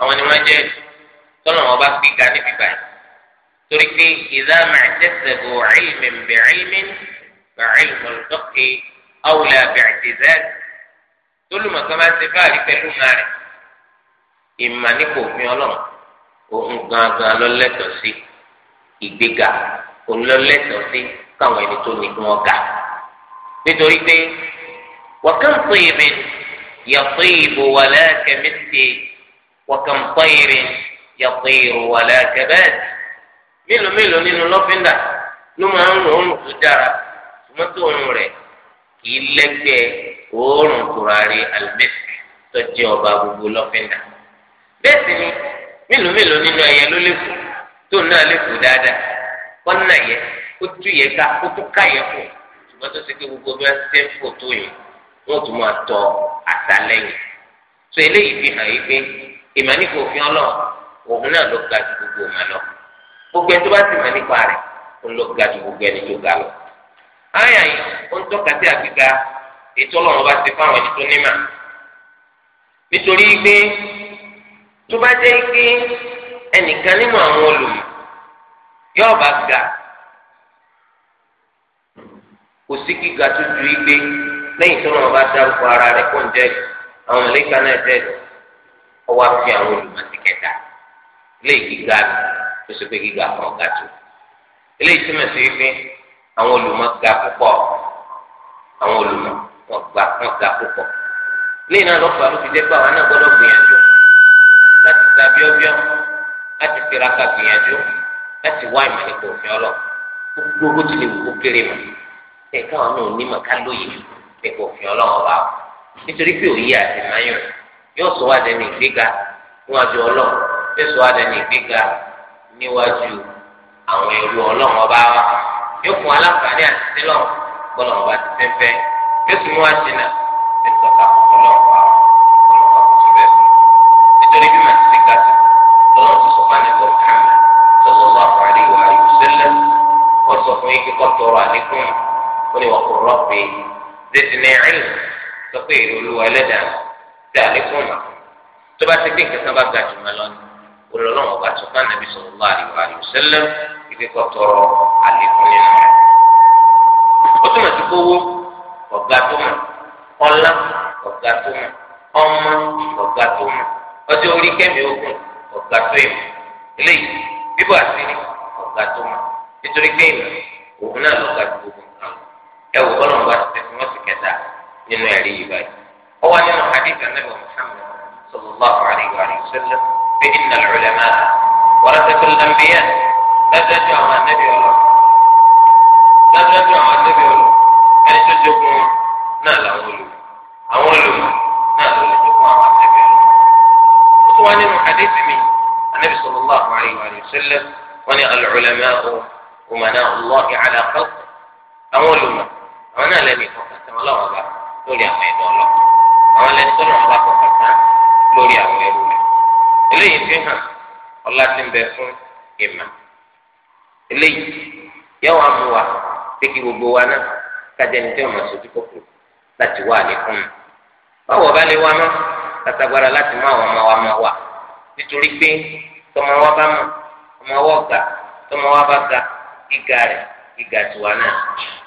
àwọn ni wọ́n jẹ́ tọ́lọ̀ ọba gbíga níbi báyìí torí pé ìdá màá tẹ̀sẹ̀ bò ilmin bi ilmin bi ilmin al-fiqh awùlẹ̀ àbẹ̀rẹ̀ zẹ́ẹ̀d tólùmọ̀ kan máa ń ṣe fáàrí pẹ̀lú máa rẹ̀ ìmà nípa òfin ọlọ́run òun gangan lọ́lẹ́tọ̀ sí ìgbéga òun lọ́lẹ́tọ̀ sí káwọn ẹni tó ní kí wọ́n ga nítorí pé wọ́kàn tó ìbí yàtọ̀ ìbò wà lẹ́ẹ̀kẹ́ mẹ́tẹ́ wọ́kàn tó mélòó mélòó nínú lọ́fíńdà ló máa ń rún òórùn tó dára ṣùgbọ́n tó rẹ̀ kìí lẹ́gbẹ̀ẹ́ òórùn tùràrí almisk tó jẹ́ ọba gbogbo lọ́fíńdà. bẹ́ẹ̀ sì ni mélòó mélòó nínú ẹyẹ ló lè fò tó náà lè fò dáadáa kọ́nà yẹ kó tú yẹ ká kó tú ká yẹ fò ṣùgbọ́n tó ṣe pé gbogbo bí wọ́n ṣe ń fò tó yẹ wọ́n tún máa tọ àtàlẹ́yìn. sọ eléyìí fi hàn yìí pé ìmọ̀ òfin ọlọ́run òun náà ló ga ju gbogbo ọmọ lọ gbogbo ẹni tó bá sì mọ̀ nípa rẹ̀ òun ló ga ju gbogbo ẹni tó ga lọ. àyà yìí ó ń tọ́ka sí àgbéga ètò ọlọ́run bá ti fún àwọn ẹni ní mà nítorí pé tó bá jẹ́ pé ẹnìkan nínú àwọn olùmọ̀ yóò bá ga kò sí ju igbe lẹ́yìn tó lọ́wọ́ bá dárúkọ ara rẹ̀ kó ń jẹ́ àwọn mẹ̀lẹ́kà náà jẹ́ ọwọ́ àfi àwọn olùmọ̀tì kẹta ilé gíga tó ṣe pé gíga kan ga tó àwọn olùmọ̀ ga púpọ̀ àwọn olùmọ̀ wọn gba wọn ga púpọ̀ lẹ́yìn náà lọfà ló ti dé pa àwọn náà gbìyànjú láti ta láti tiraka gbìyànjú láti wá ìmọ̀ òfin ọlọ gbogbo ti lè kéré mọ náà ká lóye òfin nítorí pé òye àti mayọ yóò sọ wá dẹni ìgbéga níwájú yóò sọ wá yóò fún aláǹfààní àti sílọ̀ bọ́lá ọba ti fẹ́ fẹ́ yóò sì mú àṣìnà ẹ̀sọ́ takùkọ náà wà ọ̀nà ọ̀pọ̀ síbẹ̀ fún nítorí bí màá ti ga sí lọ́nà tó sọ fún ẹ̀kọ́ Muhammad sallallahu alaihi wa alihi wasallam wọ́n sọ fún yín kíkọ́ tọrọ àlékún ó ní wọ́n kò rọ́ọ̀pì zidni ilm sọ pé èrè olúwa ẹlẹ́dàá ti àlékún mà tó bá ti gbé nǹkan ibi kọ́ tọrọ àlékún nínú rẹ̀. ó túmọ̀ sí kówó ọ̀gá tó mọ̀ ọlá ọ̀gá tó mọ̀ ọmọ ọ̀gá tó mọ̀ ọjọ́ orí kẹ́mi ogun ọ̀gá tó yẹ eléyìí bíbọ̀ àṣírí ọ̀gá tó mọ̀ nítorí pé ìlú òun náà lọ́gà tó gbogbo ẹ wò bọ́lá wọn bá ti tẹ̀sí wọn sì kẹta nínú ẹ̀rí yìí báyìí. ó nínú hadith anabi muhammed sallallahu alayhi wa sallam pé inna al-ulama warathatul anbiya dájúdájú àwọn anábì ọlọ dájúdájú àwọn anábì ọlọ ẹni tó jogún wọn náà làwọn olùmọ̀ àwọn olùmọ̀ náà ló lè jogún àwọn anábì ọlọ. ó tún wá nínú hadith mi anábì sallallahu alaihi wa sallam wọn ni al-ulama'u umana'u Allahi ala khalq àwọn olùmọ̀ àwọn náà lẹni ìfọkàntà wọn lọ́wọ́ bá lórí àwọn ẹ̀dọ́ ọlọ eléyìí yóò wá mú wa pé kí gbogbo wa náà kájẹ ní tí wọn máa sojú kòkòrò láti wá àlékún mi báwo bá lè wá mọ kàtàgbára láti mú àwọn ọmọ wa máa wà nítorí pé tọmọ wa bá mọ ọmọ wa ga tọmọ wa bá ga gíga rẹ gíga tiwa náà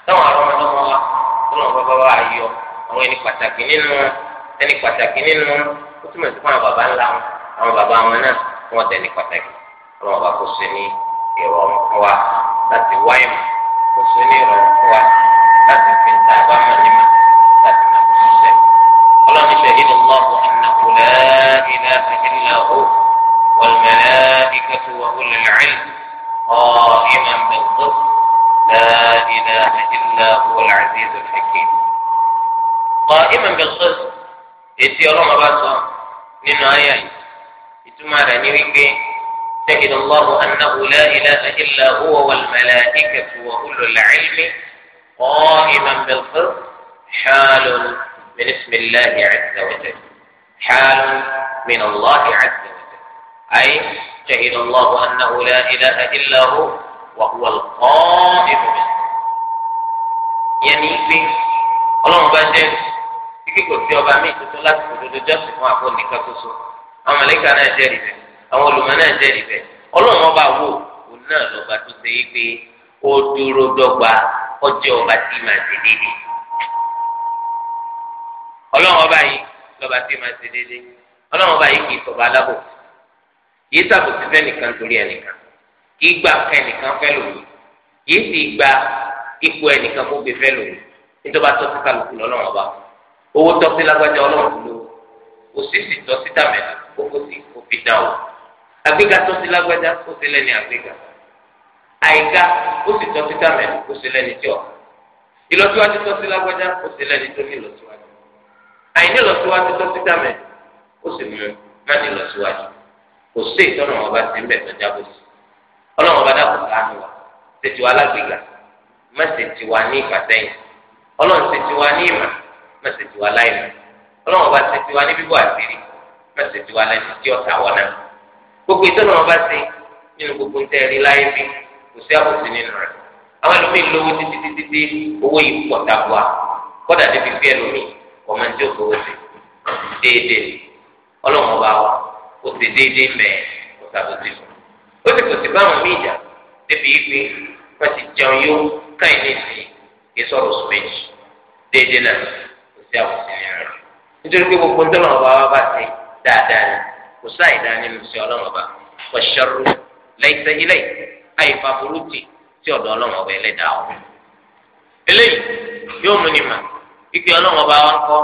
táwọn arọmọdọmọ wa tó lọ bàbá wa yọ àwọn ẹni pàtàkì nínú ẹni pàtàkì nínú ó túmọ̀ sí fún àwọn bàbá ńlá wọn àwọn bàbá wọn náà wọn tẹ̀ ní pàtàkì ọlọ́wọ́n bá kó sí ní ìrọ̀rùn fún wa láti wá ìmọ̀ kó so ní ìrọ̀rùn fún wa láti fi ń ta àbámọ̀ nímọ̀ láti máa fi ṣiṣẹ́. ọlọ́ni ṣẹ̀hìn Allahu annahu la ilaha illa hu wal malaikatu wa ulul ilmi qa'iman bil qist la ilaha illa huwal azizul ètí ọlọ́mọba sọ nínú ayé ìtumọ̀ rẹ̀ ní wípé. شهد الله أنه لا إله إلا هو والملائكة وأولو العلم قائما بالقسط حال من اسم الله عز وجل حال من الله عز وجل أي شهد الله أنه لا إله إلا هو وهو القائم بالقسط يعني في ọlọ́run bá jẹ́ وفي sí ọba mi tuntun مع tòdodo jọ́sìn fún àpò nìkan tuntun àwọn olùmọ̀ náà jẹ́rìí bẹ́ẹ̀ ọlọ́run ọba wo òun náà lọ́ba tó ṣe é pé ó dúró dọ́gba ọjọ́ ọba tí màá ṣe déédéé ọlọ́run ọba yìí lọ́ba tí màá ṣe déédéé ọlọ́run ọba yìí kì í sọ̀ba alábòsí kì í sàbòsí fẹ́nìkan torí ẹnìkan kì í gba ẹnìkan fẹ́ lòun kì í sì gba ipò ẹnìkan kó gbé fẹ́ lòun nítorí tọ́sí kálukú lọ́lọ́run ọba owó tọ́sí lágbájá ọlọ́run ló kò sí sì tọ́sí dàmẹ́lá kó kó sì kó fi dá o àgbéga tó ti lágbájá ó ti lẹ́ni àgbéga àìga ó sì tọ́ títà mẹ́rin ó sì lẹ́ni tí ọ̀ ìlọsíwájú tó ti lágbájá ó sì lẹ́ni tó ní ìlọsíwájú àìní ìlọsíwájú tó títà mẹ́rin ó sì mú má ní ìlọsíwájú kò sí ìtọ́nà ọba ti ń bẹ̀ tó jábọ̀ sí ọlọ́run ọba dàpọ̀ káàánú wa tètè wa lágbègà má tètè wa ní ìfàsẹ́yìn ọlọ́run tètè wa ní ìmà má tètè wa láìmọ̀ ọlọ́run ọba tètè wa ní bíbọ̀ àtìrí má tètè wa lẹ́ni tí ọ̀tá gbogbo ìtọ́nà wọn bá ṣe nínú gbogbo ń tẹ̀rí láyé bí kò sí àbòsí nínú rẹ̀ àwọn ẹlòmíì lówó títí títí tí owó yìí pọ̀ tàbúà kọ́dà débi fi ẹlòmíì ọmọ ní tí ó fowó sí déédéé ọlọ́run ọba wa ó ti déédéé mẹ́ẹ̀ kò sàbòsí fún ó sì kò sí báwọn míì jà débi ìgbé wọ́n ti jẹun yó káyìn ní ìsìn kí sọ̀rọ̀ sùn méjì déédéé náà kò sí àbòsí nínú rẹ̀ nítorí kò sáì dá nínú sí ọlọ́run ọba wa sharru laysa ilay àyífa burúkú tí ọ̀dọ̀ ọlọ́run ọba ẹlẹ́dàá ọ̀. eléyìí yóò mú ni mà ike ọlọ́run ọba wa kọ́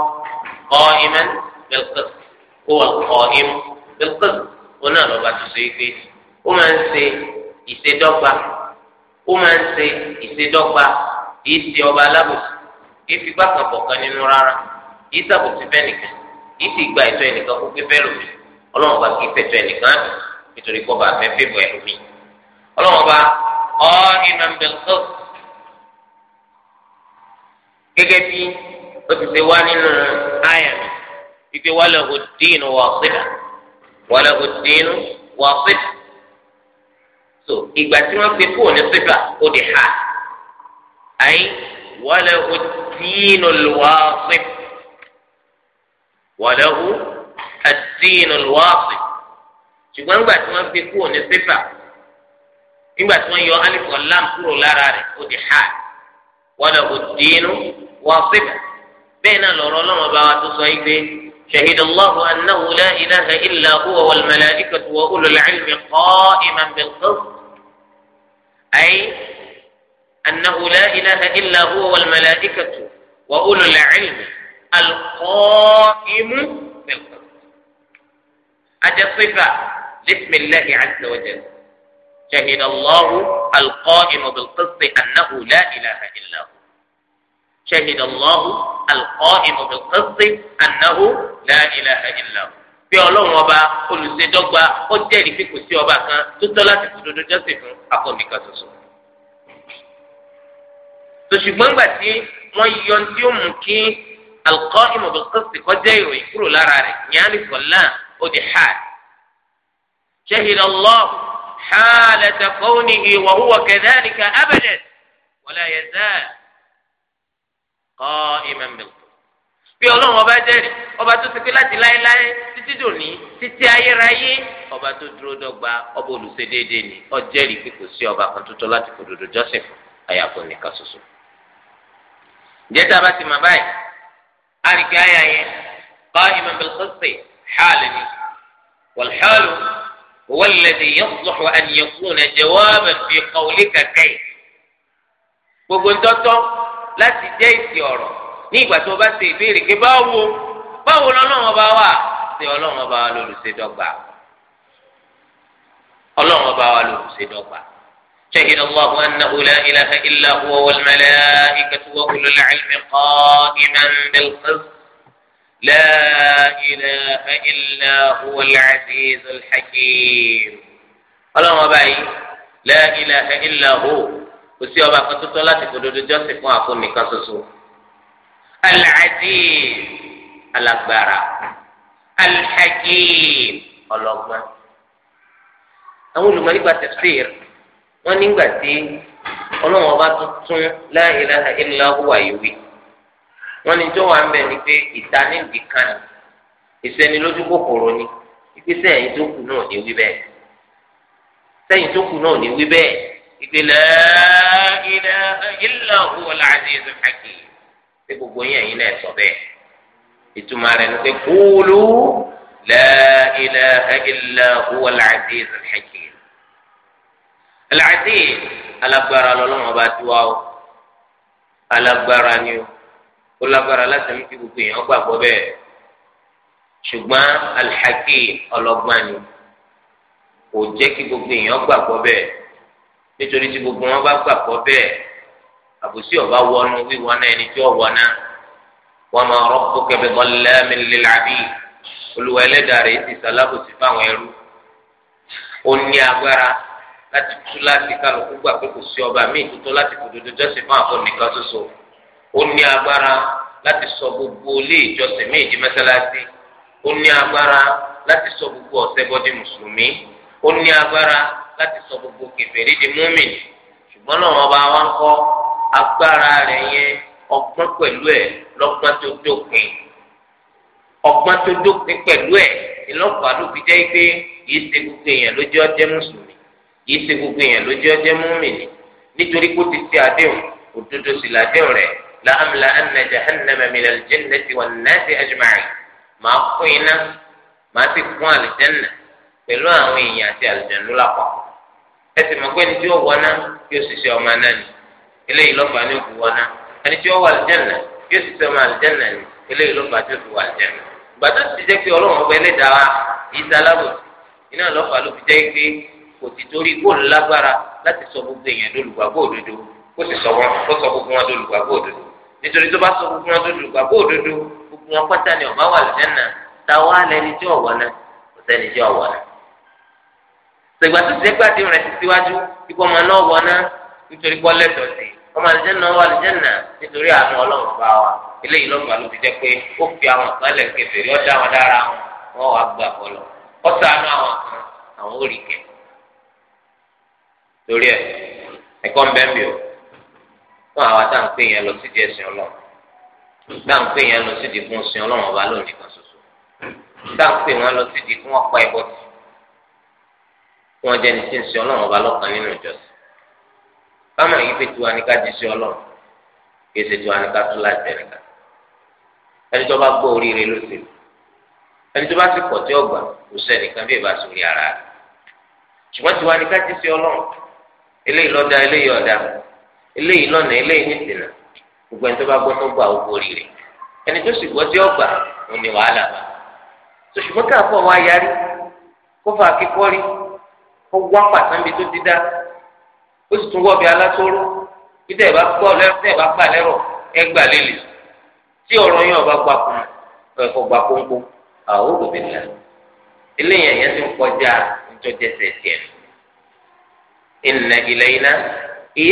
qa'iman bil qist huwa al-qa'im bil qist oní àlọ́ba tó so ike ó máa ń ṣe ìṣedọ́gba ó máa ń ṣe ìṣedọ́gba kìí ṣe ọba alábòsí kìí fi gbàkànbọ̀ kan nínú rárá kìí ṣàbòsí fẹ́nìkan kìí sì gba ìtọ́ ẹnìkan kó gbé bẹ́ẹ̀ lòmìnira ọlọ́run bá kí pẹ̀tọ́ ẹnìkan nítorí kọ́ bá fẹ́ fẹ́ bọ̀ ẹ̀ lómi ọlọ́run bá ọ iná ń bẹ tó gẹ́gẹ́ bí ó ti ṣe wá nínú àyà mi wípé wàlẹ̀ òdìnnú wà sílà wàlẹ̀ òdìnnú wà sílà so ìgbà tí wọ́n gbé fóònù sílà ó di ha àyè wàlẹ̀ òdìnnú wà sílà wàlẹ̀ òdìnnú àdínù lọ́ọ̀sì ṣùgbọ́n nígbà tí wọ́n gbé kúrò ní pépà nígbà tí wọ́n yọ alif ọ̀làm kúrò lára rẹ̀ ó di ha wọ́n lọ dínú wọ́ọ̀sì bẹ́ẹ̀ náà lọ́rọ́ ọlọ́run ọba wa tó sọ yìí pé شهد الله أنه لا إله إلا هو والملائكة وأولو العلم قائما بالقسط أي أنه لا إله إلا هو والملائكة وأولو العلم القائم أجصفة لاسم الله عز وجل شهد الله القائم بالقسط أنه لا إله إلا هو شهد الله القائم بالقسط أنه لا إله إلا هو bí ọlọ́run ọba olùṣèdọ́gba ó jẹ́rìí pé kò sí ọba kan tó tọ́ láti tòdodo jọ́sìn fún akọ́nìkan ṣoṣo. tòṣùgbọ́n gbà tí wọ́n yọ tí ó mú kí alqa'imu bilqisti kọjá ìròyìn kúrò lára rẹ̀ ní àlìfọ́lá ó di hàl shahida Allah haalata kawnihi wa huwa kadhalika abadan wala yazal bí ọlọ́run ọba jẹ́rìí ọba tó ti pé láti láéláé títí dòní títí ayérayé ọba tó dúró dọ́gba ọba olùṣedéédé ni ó pé kò sí ọba kan tuntun láti joseph nìkan ṣoṣo. ǹjẹ́ tá a bá ti mọ̀ báyìí yẹn حال والحال هو الذي يصلح أن يكون جوابا في قولك كيف gbogbo ńtọ́tọ́ láti jẹ́ ìsì ọ̀rọ̀ ní ìgbà tó bá ṣe ìbéèrè pé báwo báwo lọ́lọ́run ọba wà ṣe ọlọ́run ọba wa lólùṣèdọ́gba ọlọ́run ọba wa lólùṣèdọ́gba. شهد الله أنه لا إله إلا هو والملائكة وأولو العلم قائما بالقسط لا إله إلا هو العزيز الحكيم اللهم بأي لا إله إلا هو وسيا بقى تطلع تقول جوسف ما أكون مكسوسو العزيز الأكبر الحكيم ọlọ́gbọ́n àwọn olùmọ̀ọ́ nípa tafsir wọ́n nígbà tí ọlọ́run ọba tuntun la ilaha illa huwa wọn ní tó wà ń bẹ ni pé ìdánilì kan ni ìsẹnilójú kòkòrò ni ìpè sẹ́yìn tó kù náà ní wí bẹ́ẹ̀ sẹ́yìn tó kù náà ní wí bẹ́ẹ̀ ìpè la ilaha illa huwal azizul hakim gbogbo yẹn yìí náà sọ bẹ́ẹ̀ ìtumọ̀ rẹ̀ ni pé qulu la ilaha illa huwal azizul hakim al-aziz alágbára lọ́lọ́mọba tiwa o alágbára ni o ó lágbára láti mú kí gbogbo èèyàn gbàgbọ́ bẹ́ẹ̀ ṣùgbọ́n alihaki ọlọ́gbọ́n ni kò jẹ́ kí gbogbo èèyàn gbàgbọ́ bẹ́ẹ̀ nítorí tí gbogbo wọn bá gbàgbọ́ bẹ́ẹ̀ àbùsí ọba wọnú wíwọ náà ẹni tí ó wọ náà wọn máa rọpò kẹfẹ bọlẹẹmi lílàbí olùwà ẹlẹdàrẹ ti sàlábòsí fáwọn ẹrú ó ní agbára láti tú láti kálukú gbà pé kò sí ọba míì tuntun láti kò dodo fún àfọ̀nìkan ṣoṣo ó ní agbára láti sọ gbogbo ilé ìjọsìn míì di mẹ́sálásí ó ní agbára láti sọ gbogbo ọ̀sẹ̀bọ di mùsùlùmí ó ní agbára láti sọ gbogbo kèfèrí di múmìnì ṣùgbọ́n náà wọn bá wá ń kọ́ agbára rẹ̀ yẹn ọgbọ́n pẹ̀lú ẹ̀ lọ́gbọ́n tó dópin ọgbọ́n tó dópin pẹ̀lú ẹ̀ ìlọ́pàá ló fi jẹ́ pé kì ṣe gbogbo èèyàn lójú ọjẹ́ mùsùlùmí kì ṣe gbogbo èèyàn lójú ọjẹ́ múmìnì nítorí kó ti ṣe àdéhùn òdodo sì làdéhùn rẹ̀ láàmìlà ẹnna jahannama mi lẹ́lẹ́ jẹ́nẹ́tì wọn náàtì ẹ̀jùmáì máa kún iná máa sì kún àlùjẹ́nà pẹ̀lú àwọn èèyàn àti àlùjẹ́nù lápapọ̀ ẹ sì mọ̀ pé ẹni tí ó wọná yóò ṣiṣẹ́ ọmọ náà ni eléyìí lọ́ba ni ó fi wọná ẹni tí ó wà àlùjẹ́nà yóò ṣiṣẹ́ ọmọ àlùjẹ́nà ni eléyìí lọ́ba tí ó fi wà àlùjẹ́nà gbàtà ti jẹ́ pé ọlọ́run ọba ẹlẹ́dàá wa ìsalábò iná lọ́ba ló fi jẹ́ pé kò ti torí góòlù lágbára láti sọ gbogbo èèyàn dolùgbàgbọ́ òdodo kó sì sọ wọn kó sọ gbogbo wọn dolùgbàgbọ́ òdodo nítorí tó bá sọ gbogbo wọn dúdú gbàgbọ́ òdodo gbogbo wọn pátá ni ọba wà lẹ́nà táwa lẹni tí ọ̀wọ́ náà kò sẹ́ni tí ọ̀wọ́ náà. sègbà tó ti gbàdé rẹ̀ ti síwájú kí wọ́n máa ná ọ̀wọ́ náà nítorí pọ́ lẹ́tọ̀ọ́ sí ọmọ àlùjẹ́nà wà àlùjẹ́nà nítorí àánú ọlọ́run bá wa eléyìí lọ́gbà ló fi jẹ́ pé ó fi àwọn kan lẹ̀ kẹfẹ́rí ó wọn dára wọn wà gbà fọlọ ó sànú àwọn kan àwọn ò rí kẹ torí ẹ ẹ̀kọ́ ń bẹ́ẹ̀ fún àwa tá à ń pè yẹn lọ sídìí ẹ̀sìn ọlọ́run tá à ń pè yẹn lọ sídìí fún sin ọlọ́run ọba lónìí kan ṣoṣo tá à ń pè wọn lọ sídìí fún ọ̀pá ẹ̀bọ tì fún ọjà ní sí sin ọlọ́run ọba lọ́kàn nínú ìjọsìn fáwọn yìí fi tiwa ní ká jí sí ọlọ́run kì í ṣe tiwa ní ká tún láti ẹ̀ríkà ẹni tó bá gbọ́ oríire ló ṣe ẹni tó bá sì pọ̀ tí ó kò sẹ́nìkan eléyìí lọ́dà eléyìí ọ̀dà eléyìí lọ́nà eléyìí ní ìsìnà gbogbo ẹni tó bá gbọ́ tó gbà ó borí rẹ̀ ẹni tó sì gbọ́ tí ó gbà ó ní wàhálà bá tó ṣùgbọ́n káàpọ̀ wá yarí kó fa akíkọ́rí kó wá pàtàkì tó ti dá ó sì tún wọ́ bí alátóró bí tẹ̀ bá gbọ́ lẹ́rọ̀ tẹ̀ bá gbà lẹ́rọ̀ ẹ gbà lélẹ̀ tí ọ̀rọ̀ yẹn ọba gbà kùn ẹ̀ gbà kóńkó àwọn òbí là eléyìí ẹ̀yẹ́ ti ń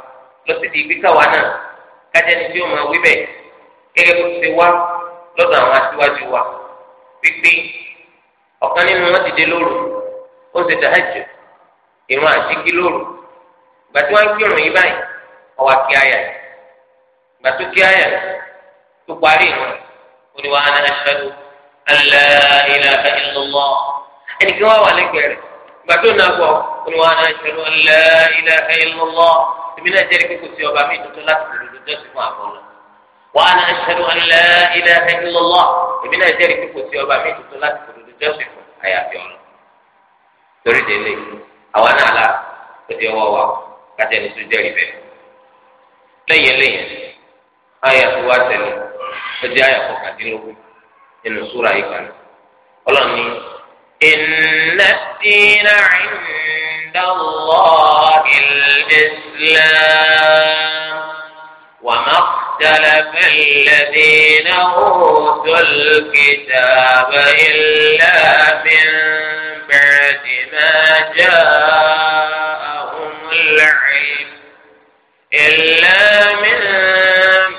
lọ sí di ibi káwa náà kájẹ́ ni tí ó máa wí bẹ́ẹ̀ gẹ́gẹ́ bó ti wá lọ́dọ̀ àwọn aṣíwájú wa pípé ọ̀kan nínú wọn dìde lóru ó ń ṣe tàájù ìrun àṣíkí lóru ìgbà tí wọ́n ń kírun yìí báyìí ọwọ́ kí àyà yìí ìgbà tó kí àyà yìí tó parí ìrun ó ní wàá náà ẹnì kí wọ́n wà lẹ́gbẹ̀ẹ́ ìgbà tó náà bọ̀ ó ní wàá náà èmi náà jẹ́rìí pé kò sí ọba mi tuntun láti lè lòdì jọ́sìn fún àbọ̀lá wa ana ashhadu an la ilaha illallah èmi náà jẹ́rìí pé kò sí ọba mi tuntun láti lè lòdì jọ́sìn fún àyàfi ọ̀nà torí délé àwa náà la òdi ọwọ́ wa kájà ní sójú ẹ̀rí bẹ́ẹ̀ lẹ́yìn lẹ́yìn ayé tó wá tẹ̀lé ó ayé kọkàndínlógún nínú súra yìí kan ọlọ́ọ̀ni. إن الدين عند الله الإسلام وما اختلف الذين أوتوا الكتاب إلا من بعد ما جاءهم العلم إلا من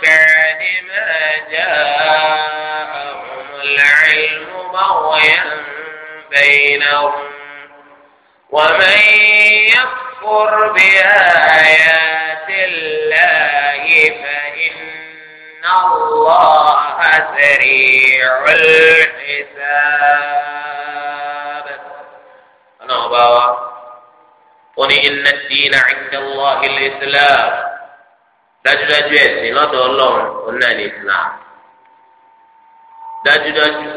بعد ما جاءهم العلم بغيا بينهم ومن يكفر بآيات الله فإن الله سريع الحساب أنا أباوى قل إن الدين عند الله الإسلام dájúdájú ẹ̀sìn lọ́dọ̀ ọlọ́run òun náà ní islam dájúdájú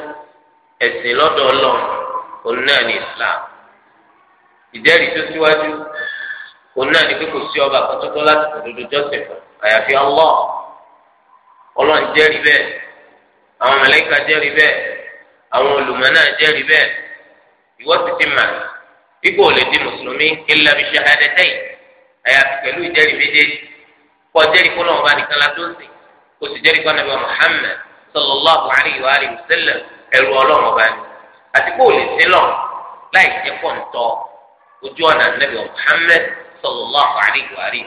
ẹ̀sìn lọ́dọ̀ ọlọ́run òun náà ní islam ìjẹ́rìí tó síwájú òun náà ní pé kò sí ọba kan tuntun láti òdodo joseph àyàfi Allah Ọlọ́run jẹ́rìí bẹ́ẹ̀ àwọn mẹlẹ́kà jẹ́rìí bẹ́ẹ̀ àwọn olùmọ̀ náà jẹ́rìí bẹ́ẹ̀ ìwọ sì ti mà ipò ò lè di mùsùlùmí illa bi shahadatayn àyàfi pẹ̀lú ìjẹ́rìí méjèèjì kọ́ jẹ́rìí kó náà wà nìkan la tó sìn kò sì jẹ́rìí kó náà bí wa Muhammad sallallahu alayhi ẹ̀rù Ọlọ́run ọba ni. àti kó o lè sí lọ láì jẹ́ pọ̀ ń tọ́ ojú ọ̀nà nàbẹ̀ Muhammad sallallahu alayhi wa alihi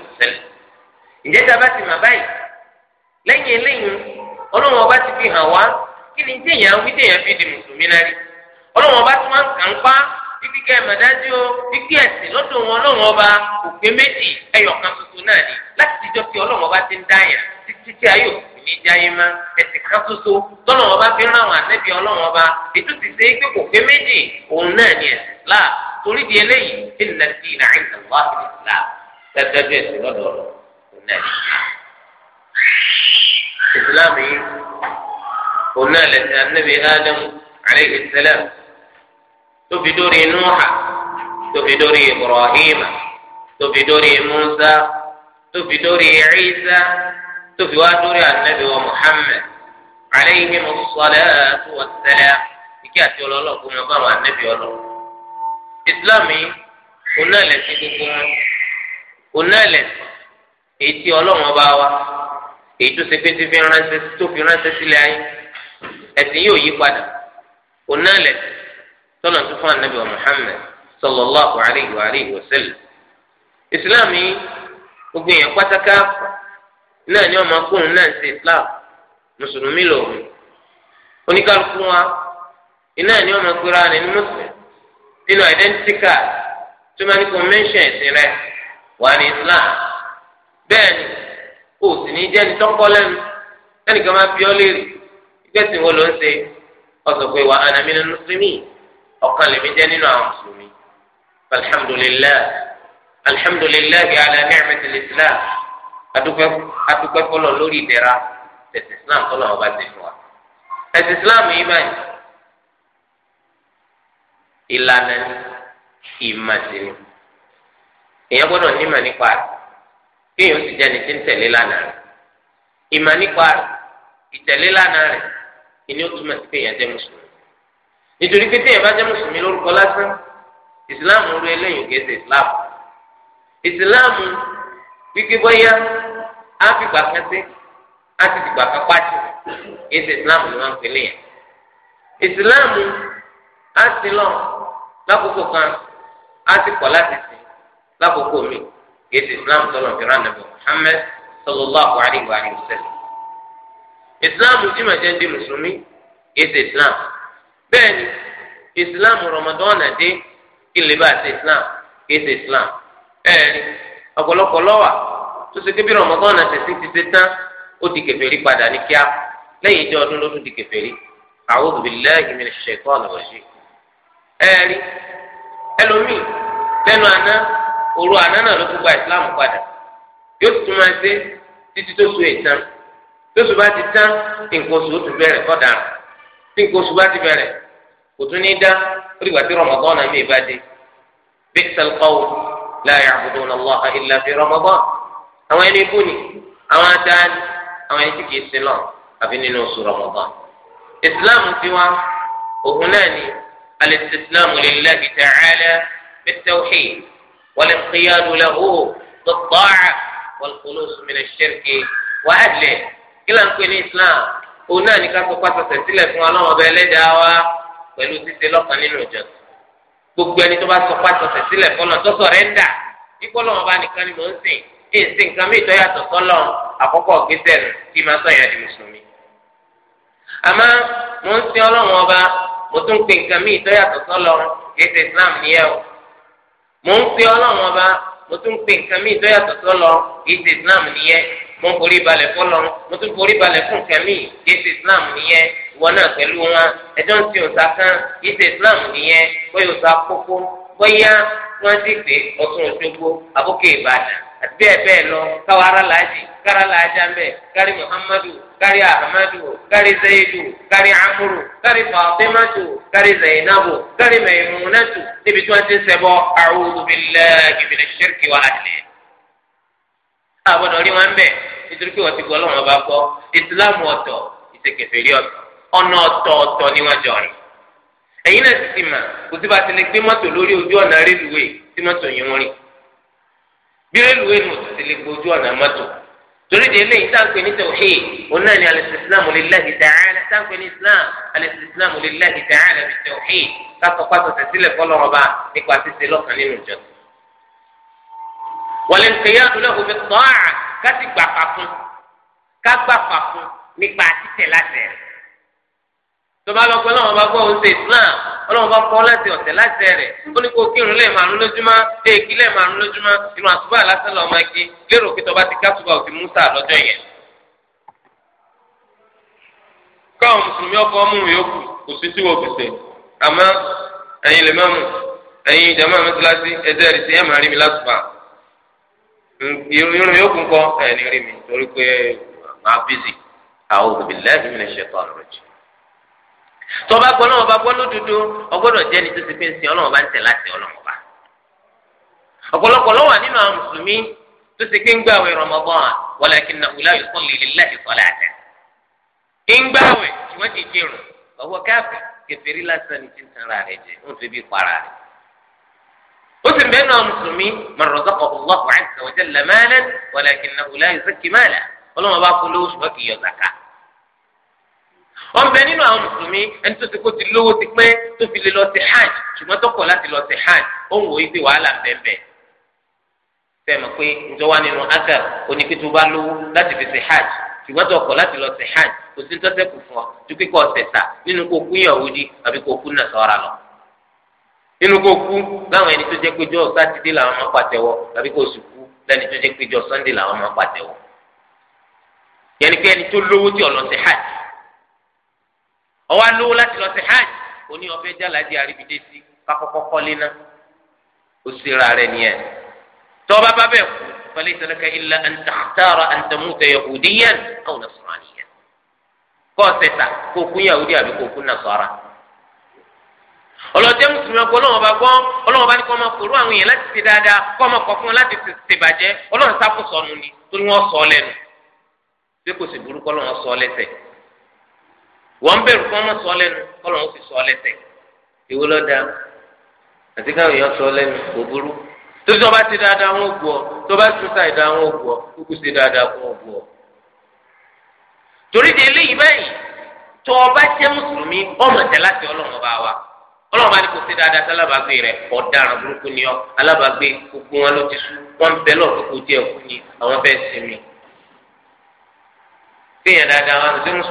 ǹjẹ́ tí a bá ti mà báyìí lẹ́yìn eléyìí ọlọ́run ọba ti fi hàn wá kí ni téèyàn wí téèyàn fi di mùsùlùmí náà rí ọlọ́run ọba tún máa ń kàn a ní jáyé má ẹ̀sìn bá fi ń ráwọn ètò ti ṣe pé kò pé méjì òun náà ni torí di eléyìí ìnà sí ìnà wà sí òun náà ni yìí òun náà salam tóbi dórí tóbi dórí ibrahima tóbi dórí musa tóbi dórí tóbi wá dórí anabi wa muhammed aleyhi musalatu wa salam ike àti ọlọlọ kó mọ báwọn anabi ọlọ islam yìí oná ẹlẹsìn gbogbo wọn oná ẹlẹsìn èyí tí ọlọ́wọ́n bá wa èyí tó ṣe pé tó fi ránṣẹ́ tó fi ránṣẹ́ sílẹ̀ ayé ẹ̀sìn yóò yí padà alayhi wa alayhi wa sallam islam yìí gbogbo èèyàn náà ni ọmọ akóhun náà ń ṣe islam mùsùlùmí lòun oníkálukú wa iná ni ọmọ akóra rẹ ní mùsùlùmí nínú identity card tó máa ní kó mẹ́ńṣẹ̀ rẹ wà ní islam bẹ́ẹ̀ ni kò sì ní jẹ́ ní tọ́kọ́ lẹ́nu ẹnìkan máa fi ọ́ léèrè ìgbésìn wo ló ń ṣe ọ̀sọ̀ pé wà ana minal muslimin ọ̀kan lèmi jẹ́ nínú àwọn mùsùlùmí alhamdulilayi alhamdulilayi ala ni'matil islam adúpẹ́ adúpẹ́ fọlọ́ lórí ìdẹ̀ra tẹ̀sí islam tó lọ́wọ́ bá ti fún wa tẹ̀sí islam yìí báyìí ìlànà ìmàsí ni èèyàn gbọ́dọ̀ nímọ̀ nípa rẹ̀ kí èèyàn sì jẹ́ni tí ń tẹ̀lé lánàá rẹ̀ ìmọ̀ nípa rẹ̀ ìtẹ̀lé lánàá rẹ̀ ìní ó túmọ̀ sí pé èèyàn jẹ́ mùsùlùmí nítorí pé téèyàn bá jẹ́ mùsùlùmí lórúkọ lásán ìsìláàmù rú eléyìí kìí ṣe ìsìláàmù ìsìláàmù kíkí bóyá á fi gbà kan sí á sì fi gbà kan pàṣẹ èsì islam ni wọn ń pèlè yẹn islam á ti lọ lákòókò kan á ti pọ̀ láti sìn lákòókò mi èsì islam sọlọ fi rán nàbẹ muhammed sallallahu alayhi wa sallam islam tí màá jẹ́ ń mùsùlùmí èsì islam bẹ́ẹ̀ islam ramadan àdé kí lè islam èsì islam ẹ̀ẹ́dì. ọ̀pọ̀lọpọ̀ lọ́wà tó ṣe kébí rọmọgán àti ti ṣe tán ó di padà ní kíá lẹ́yìn ìjọ ọdún ló tún di kèfèrí a'udhu billahi minash shaitanir rajim. ẹ̀rí ẹlòmíì lẹ́nu àná òru àná náà ló tún gba padà yóò tún máa ṣe títí tó ti tán ó tún bẹ̀rẹ̀ kọ́dà tí bá ti bẹ̀rẹ̀ kò tún ní dá la ya'buduna Allah illa fi Ramadan àwọn ẹni bú ni àwọn adáni àwọn ẹni tí kìí sin lọ àbí nínú oṣù Ramadan islam tiwa òhun náà ni al-istislamu lillahi ta'ala bit-tawhid wal-inqiyadu lahu bit-ta'ah wal-khulus min ash-shirk wa ahlihi kí ló ń pè ní islam òun náà ni ká sọ pàtàkì sílẹ̀ fún ọlọ́run ọba ẹlẹ́dàá wa pẹ̀lú títẹ lọ́kàn nínú ìjọsìn gbogbo ẹni tó bá sọ pé àtọ̀sẹ̀ sílẹ̀ fọlọ́ tó sọ rẹ̀ dà ìkọlọ́ wọn bá nìkan ni mò ń sìn kí n sìn nǹkan mí ìtọ́ yàtọ̀ sọ́lọ́ àkọ́kọ́ gbèsè rẹ̀ kí máa sọ yẹn di mùsùlùmí. àmọ́ mò ń sìn ọlọ́run ọba mo tún pe nǹkan mí ìtọ́ yàtọ̀ sọ́lọ́ kì í Islam nìyẹn o mò ń pe ọlọ́run ọba mo tún pe nǹkan mí ìtọ́ yàtọ̀ sọ́lọ́ kì í ṣe Islam nìyẹn mo ń forí balẹ̀ fọlọ́ mo tún forí balẹ̀ fún nǹkan mí kì Islam nìyẹn ìwọ náà pẹ̀lú wọn ẹjọ́ ń sin òòṣà kan ìṣe islam nìyẹn bóyá òòṣà kókó bóyá wọ́n ti pè ọ̀tún òṣogbo àbókè ìbàdàn àti bẹ́ẹ̀ bẹ́ẹ̀ lọ káwa ara làájì kára làájà ń bẹ̀ kárí muhammadu kárí ahamadu kárí zayidu kárí amuru kárí fatimatu kárí zainabu kárí maimunatu níbi tí wọ́n ti sẹ́bọ̀ a'udhu billahi minash shirki wa àbọ̀dọ̀ rí wọn bẹ̀ nítorí pé wọ́n ti gbọ́ lọ́wọ́ bá gbọ́ ìsìlámù ọ̀tọ̀ ìṣèkèfèrí ọ̀tọ̀ ọ̀nà ọ̀tọ̀ọ̀tọ̀ ni wọ́n jọ rìn ẹ̀yin náà ti ti mà kò sí bá ti lè gbé mọ́tò lórí ojú ọ̀nà rélùwé tí mọ́tò yìí ń rìn bí rélùwé ni mo ti ti lè gbé ojú ọ̀nà mọ́tò torí de eléyìí táǹpé ní tawhid òun náà ni alẹ́sìsílámù lillahi ta'ala táǹpé ní islam alẹ́sìsílámù lillahi ta'ala bi tawhid kátó pátó tẹ̀sílẹ̀ fún nípa títẹ̀ láti ẹ̀ tọba lọpọ náà wọn bá gbọ́ oṣù islam ọlọ́wọ́n bá kọ́ láti ọ̀tẹ̀ láti ẹ̀rẹ̀ ó ní kó kírun lẹ́ẹ̀márùn lójúmọ́ déèkì lẹ́ẹ̀márùn lójúmọ́ irun àtúbà lásán lọ́ọ́ máa gé lérò pé tọba ti kásùbà òsì musa lọ́jọ́ yẹn. káwọn mùsùlùmí ọkọ mú mi yókù kò sí tí wọ́n fi ṣe àmọ́ ẹ̀yin lè mọ́mù ẹ̀yin ìjàmọ́ mẹ́tíláṣí ẹ̀jẹ̀ rẹ̀ sí ẹ̀mà rí mi lásùbà irun yókù kọ́ ẹ̀ ní rí mi torí pé màá bízì tọba gbọ́ lọ́wọ́ bá gbọ́ lódodo ọgbọ́dọ̀ jẹ́ ní títí pé ń sin ọlọ́wọ́ bá ń tẹ̀ láti ọlọ́wọ́ bá. ọ̀pọ̀lọpọ̀ ló wà nínú àwọn mùsùlùmí tó ti pé ń gbàwé Ramadan walakinahu la yusalli lillahi salatan. ń gbàwé ìwọ́n ti jẹun ọwọ́ káfí kẹfẹ́rí lásán ní ti ń tanra rẹ̀ jẹ ń fi bí para rẹ̀. ó sì mẹ́nu àwọn mùsùlùmí man razaqahu Allahu azza wa jalla malan walakinahu ọ̀nbẹ nínú àwọn mùsùlùmí ẹni tó ti kó ti lówó ti pẹ́ tó fi lè lọ sí hajj ṣùgbọ́n tó kọ̀ láti lọ sí hajj ó ń wò ó pé wàhálà bẹ́ẹ̀ fẹ́ẹ̀mọ̀ pé njọ́ wá nínú agar oníkẹ́tù bá lówó láti fi sí hajj ṣùgbọ́n tó kọ̀ láti lọ sí hajj kò sí tọ́sẹ̀ kù fún ọ ju kíkọ́ ọ̀sẹ̀ta nínú kó kú Yahudi àbí kó kú Nasara lọ nínú kó kú láwọn ẹni tó jẹ́ pé jọ́ sátidé làwọn máa pàtẹ́wọ́ ọwọ́ alówó láti lọ sí hajj oní ọ̀fẹ́ jàládì àríbidé sí kakọ́kọ́ kọ́lé náà ó sera rẹ̀ nìyẹn tọ́ba bá bẹ̀ kú فليس لك إلا أن تختار أن تموت يهوديا أو نصرانيا kọsẹta kó kún yahudi àbí kó kún nasara ọlọtẹ mùsùlùmí ọkọ Ọlọ́run ọba gbọ Ọlọ́run ọba ní kọ ọmọ kòrò àwọn èèyàn láti ṣe dáadáa kọ ọmọ kọ fún wọn láti ṣe bàjẹ́ Ọlọ́run sáfù sọnù ni torí wọn sọ lẹ́nu pé kò sì burúkọ Ọlọ́run sọ lẹ́sẹ̀ wọ́n bẹ̀rù kí wọ́n má sọ lẹ́nu kọ́lọ̀ ń fi sọ lẹ́sẹ̀ ìwé lọ́dà àti káwọn èèyàn sọ lẹ́nu kò burú tó tí wọ́n bá ti dáadáa wọn ò gbọ́ tó bá tún sáì dáa wọn ò gbọ́ kúkú sí dáadáa wọn ò gbọ́. torí di eléyìí báyìí tó o bá jẹ́ mùsùlùmí ọmọ tẹ láti ọlọ́run bá wa ọlọ́run bá ní kò sí dáadáa sí alábàágbé rẹ̀ ọ̀daràn burúkú ni ọ alábàágbé gbogbo wọn ló ti sú wọn bẹ lọ́ọ̀kọ́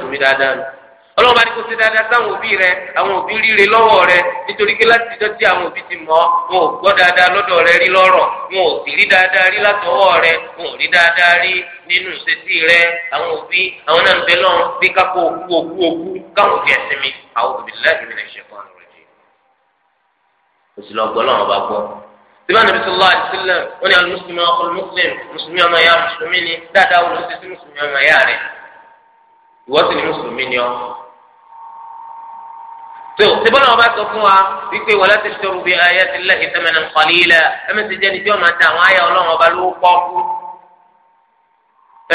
kó ọlọ́run bá ní kó ṣe dáadáa sáwọn òbí rẹ àwọn òbí ríre lọ́wọ́ rẹ nítorí pé láti ìjọ tí àwọn òbí ti mọ̀ ọ́ wọn ò gbọ́ dáadáa lọ́dọ̀ rẹ rí lọ́rọ̀ wọn ò sì rí dáadáa rí látọwọ́ rẹ wọn ò rí dáadáa rí nínú ìṣesí rẹ àwọn òbí àwọn náà ń bẹ lọ́run bí kápò òkú òkú òkú káwọn òbí ẹ̀sìn mi àwọn òbí láti mi náà ṣe fún àwọn òbí. òsìlọ́gbọ́ lọ́wọ́ bá gbọ́ sibaa nabi sallallahu alayhi wa sallam wani alimusulmi akul muslim musulmi ọmọ ya musulmi ni dáadáa wolo sisi musulmi ọmọ ya rẹ ìwọ sì musulmi ni ọ tó síbí náà wọn bá sọ fún wa wípé wala tashtaru bi ayati llahi thamanan qalila ẹ̀mí ti jẹ́ ni tí wọ́n máa ta àwọn ayé ọlọ́run ọba lówó pọ́ọ́kú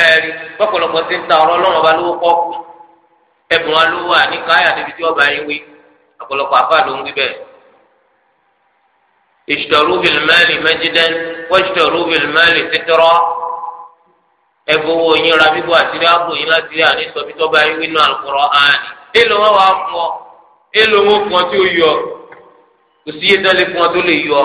ẹ̀rí pọ́pọ̀lọpọ̀ ti ń ta ọ̀rọ̀ ọlọ́run ọba lówó pọ́ọ́kú ẹ̀bùn wa lówó àníkà ayà níbi tí ọba yín wí ọ̀pọ̀lọpọ̀ àfa ló ń wí bẹ́ẹ̀. اشتروا بالمال مجدا واشتروا بالمال سترا ẹgbowó yín ra bíbọ àtìrí ààbò yín láti rí àní sọbí èlò owó kan tí ó yọ kò sí iye dán lè fún ọ tó lè yọ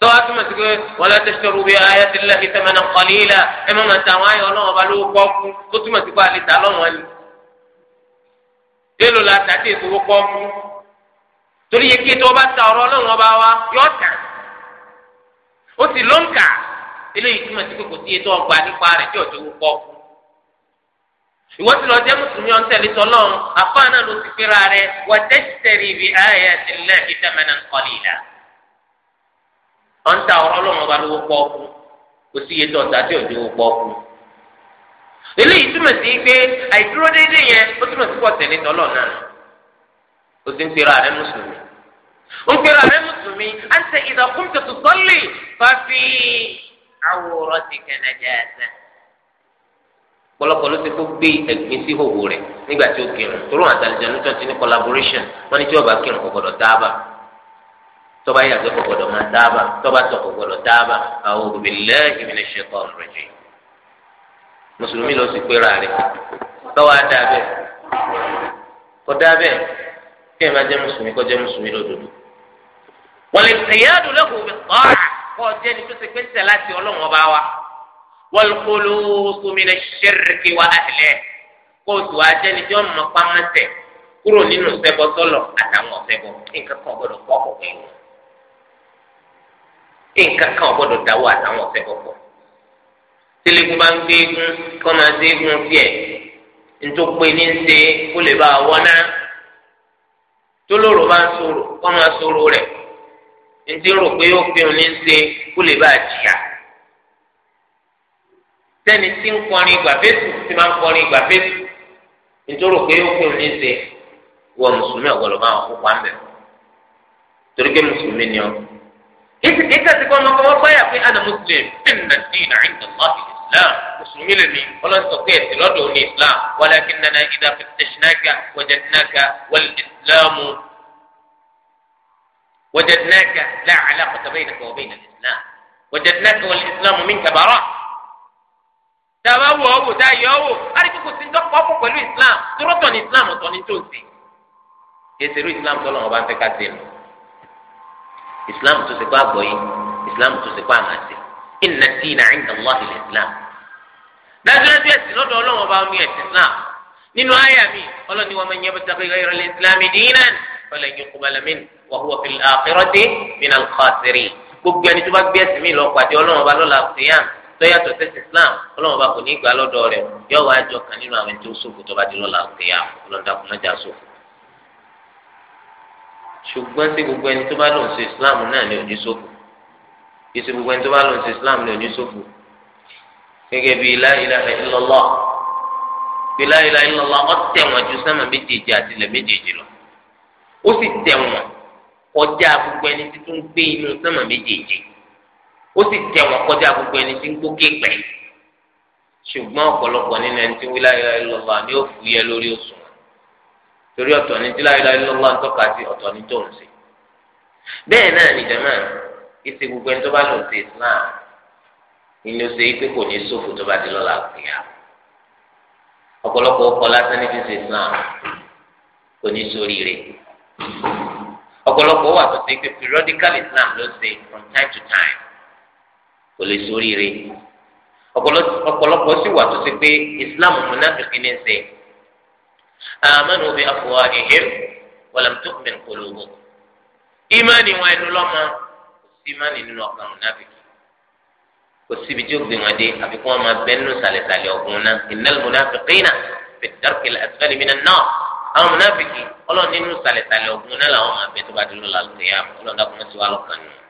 tọ́wọ́ tó mọ̀ sí pé wọ́n lọ́ọ́ tẹ̀sítọ́ rúbi ayé ti lẹ́ fi tẹ̀mẹ́nà kọ́lí la ẹ má máa ta àwọn ayọ̀ ọlọ́run ọba lówó pọ́ọ́kú tó túmọ̀ sí pé àlè ta lọ́wọ́n ni èlò la tàdé ìfowó pọ́ọ́kú torí yẹ kí ètò ọba ta ọ̀rọ̀ ọlọ́run ọba wa yọ tà ó sì lọ́nkà eléyìí túmọ̀ sí pé kò sí ètò ọgbà nípa rẹ̀ tí ọ̀tọ̀ ìwọ ti lọ jẹ́ mùsùlùmí ọ̀n tẹ̀lé tọ́lọ́n àfáà náà ló ti pera rẹ wà tẹ́sítẹ́rì bí ayé àtìlẹ́ ìdámẹ́nà kọ́lì ìlà. ọ̀n ta ọ̀rọ̀ ọlọ́run ọba lówó pọ́ọ́kú kò sí iye tó ọ̀tá tí òjò wó pọ́ọ́kú. eléyìí túmọ̀ sí pé àìdúró déédéé yẹn ó túmọ̀ sí pọ̀ tẹ̀lé tọ́lọ́n náà ó ti ń pera rẹ mùsùlùmí. ń pera rẹ mùsùlùmí pọ̀lọpọ̀ ló ti kó gbé ẹ̀gbin sí hòhò rẹ̀ nígbà tí ó kírun tó lóun àtàlìjà ló tọ́jú ní collaboration wọ́n ní tí ọba kírun kò gbọdọ̀ dáàbà tọ́ba yàtọ̀ kò gbọdọ̀ máa dáàbà tọ́ba tọ̀ kò gbọdọ̀ dáàbà a'udhu billahi minash shaitanir rajim mùsùlùmí ló sì pé ra rẹ̀ tọ́wọ́ á dáa bẹ́ẹ̀ kó dáa bẹ́ẹ̀ kí ẹ má jẹ́ mùsùlùmí kó mùsùlùmí lódodo wọ́n lè ṣèyá wọlùkúlùkù mi ní ṣẹ́rìkì wa àlẹ́ kóòtù ajẹ́nijọ́ mọ̀ pàmẹ́tẹ̀ kúrò nínú ṣẹbọ sọlọ àtàwọn ọ̀ṣẹbọ nǹkan kan gbọdọ̀ pọ̀ pọ̀ pẹ̀lú nǹkan kan gbọdọ̀ dáwọ́ àtàwọn ọ̀ṣẹbọ pọ̀ tẹlifun bá ń gbé egun kọ́ máa dé egun tiẹ̀ ntòpé ní ṣe kó lè bá wọn náà tólóró bá ń sọ̀rọ̀ kọ́ máa sọ̀rọ̀ rẹ̀ ntí pé ó fi hàn ní ṣe kó lè bá jìyà. sẹ́ni tí ń kọrin ìgbà fésù tí máa ń kọrin ìgbà fésù nítorí pé ó fún mi ṣe wọ mùsùlùmí ọ̀gọ́dọ̀ máa kó pa mẹ́ torí pé mùsùlùmí ni ọ. kìsì kíkà ti kọ́ igba fesu nitori oke o fun mi se wo musulumi ogolo maa ko pa me tori pe musulumi ni o isi pé ana muslim ẹ̀nà sí ìnáyìn tọ́lá islam mùsùlùmí lè ní ọlọ́sọ̀ pé ẹ̀sìn lọ́dọ̀ òní islam walakin nana ìdá fattashnaaka wajadnaaka wal islamu wajadnaaka la tàbá wò ó wò tá yọ ó wò àríkí kò sí ń dọ́kọ̀ ọ̀pọ̀ pẹ̀lú islam tórọ́tọ̀ ní islam ọ̀tọ̀ ní tòsí kẹsìrì islam tó lọ́wọ́ bá ń fẹ́ ká dé nù islam tó ṣe kó àgbọ̀ yìí islam tó ṣe kó àmàṣe inna dina inda Allah al-islam dájúdájú ẹ̀sìn lọ́dọ̀ ọlọ́wọ́ bá ń yẹ islam nínú àyà mi ọlọ́ni wọn máa ń yẹ bó takò ìrọ̀lẹ́ islam dinan gbogbo ẹni tó bá gbé ẹ̀sìn mi lọ pàdé ọlọ́wọ́ bá lọ́la al-qiyam tọ́yàtọ̀ sẹ́sì islam ọlọ́run bá kò ní gbà lọ́dọ̀ rẹ̀ yọ wá jọ kan nínú àwọn tó sófo tó bá di lọ́la òkèèyà ọlọ́dàkùn náà já sófo. ṣùgbọ́n sí gbogbo ẹni tó bá lòun sí islam náà ni òní sófo ìsì gbogbo ẹni tó bá lòun sí islam ni òní sófo. gẹ́gẹ́ bí la ilaha illallah bí la ilaha illallah ó tẹ̀wọ̀n ju sánmà méjèèjì àti ilẹ̀ méjèèjì lọ ó sì tẹ̀wọ̀n ọjà gbogbo ó sì tẹ̀ wọ́n kọjá gbogbo ẹni tí ń gbó kéèpẹ̀ ṣùgbọ́n ọ̀pọ̀lọpọ̀ nínú ẹni tí ń wí la ilaha illallah ni ó fu yẹ lórí oṣù wọn torí ọ̀tọ̀ ni tí la ilaha illallah ń tọ́ka sí ọ̀tọ̀ ni tó ń ṣe bẹ́ẹ̀ náà ni jama ìṣe gbogbo ẹni tó bá lọ sí Islam ìní ó ṣe é pé kò ní sófo tó bá di lọ́la àgbéyà ọ̀pọ̀lọpọ̀ ọkọ̀ lásán ní fi ṣe Islam kò ní sórí rẹ̀ ọ̀pọ̀lọpọ̀ wà tó ṣe pé periodical Islam ló ṣe from time to time kò lè ṣoríire ọ̀pọ̀lọpọ̀ sì wà tó ṣe pé islam munafiki ní ṣe amanu bi afwahihim walam tu'min qulubuhum ìmánì wọn ẹnu lọ́mọ kò sí ìmánì nínú ọkàn munafiki kò síbi tí ó gbé wọn dé àfi kí wọn máa bẹ nínú sàlẹ̀sàlẹ̀ ọ̀gbun náà innal munafiqina fi darkil asfali minan nar àwọn munafiki ọlọ́ọ̀ nínú sàlẹ̀sàlẹ̀ ọ̀gbun náà làwọn máa bẹ tó bá dúró lálùkù yá ọlọ́ọ̀ dàkúnmọ́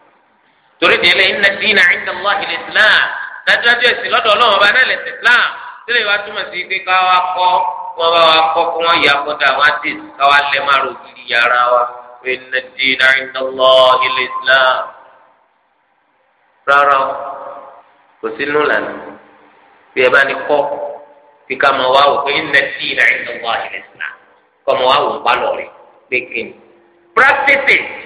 torí délé iná dínà ìdá allah ilẹ̀ islam dájúdájú ẹ̀sìn lọ́dọ̀ ọlọ́run ọba náà lẹ̀sìn islam sílẹ̀ wá túmọ̀ sí pé ká wá kọ́ wọ́n bá wá kọ́ kí wọ́n yà kọ́dà wá dé ká wá lẹ́ máa ro gidi yàrá wa iná dínà ìdá allah ilẹ̀ islam rárá o kò sínú lànà bí ẹ bá ní kọ́ kí ká máa wá wò pé iná dínà ìdá allah ilẹ̀ islam kọ́ máa wá wò ń bá lọ pé kí practice it.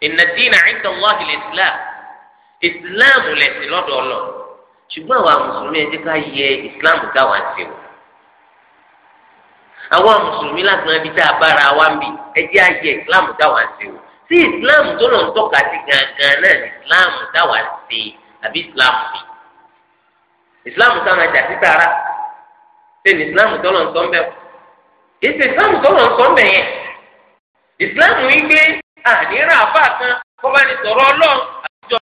inna ad-dina 'inda Allahi al-islam islam lẹ̀sìn lọ́dọ̀ ọlọ́ ṣùgbọ́n àwa mùsùlùmí ẹjẹ́ ká yẹ islam táwa ṣe wò àwa mùsùlùmí láti máa bí tá a bára wa ń bì ẹjẹ́ á yẹ islam táwa ṣe wò sí islam tó lọ ń tọ́ka sí gangan náà ní islam táwa ṣe àbí islam mi islam táwa jà sí tara ṣé ní islam tó lọ ń sọ ń bẹ̀ kì í ṣe islam tó lọ ń sọ ń bẹ̀ yẹn islam yìí gbé àní ah, ràn àbá kan kó bá ní sọ̀rọ̀ ọlọ́run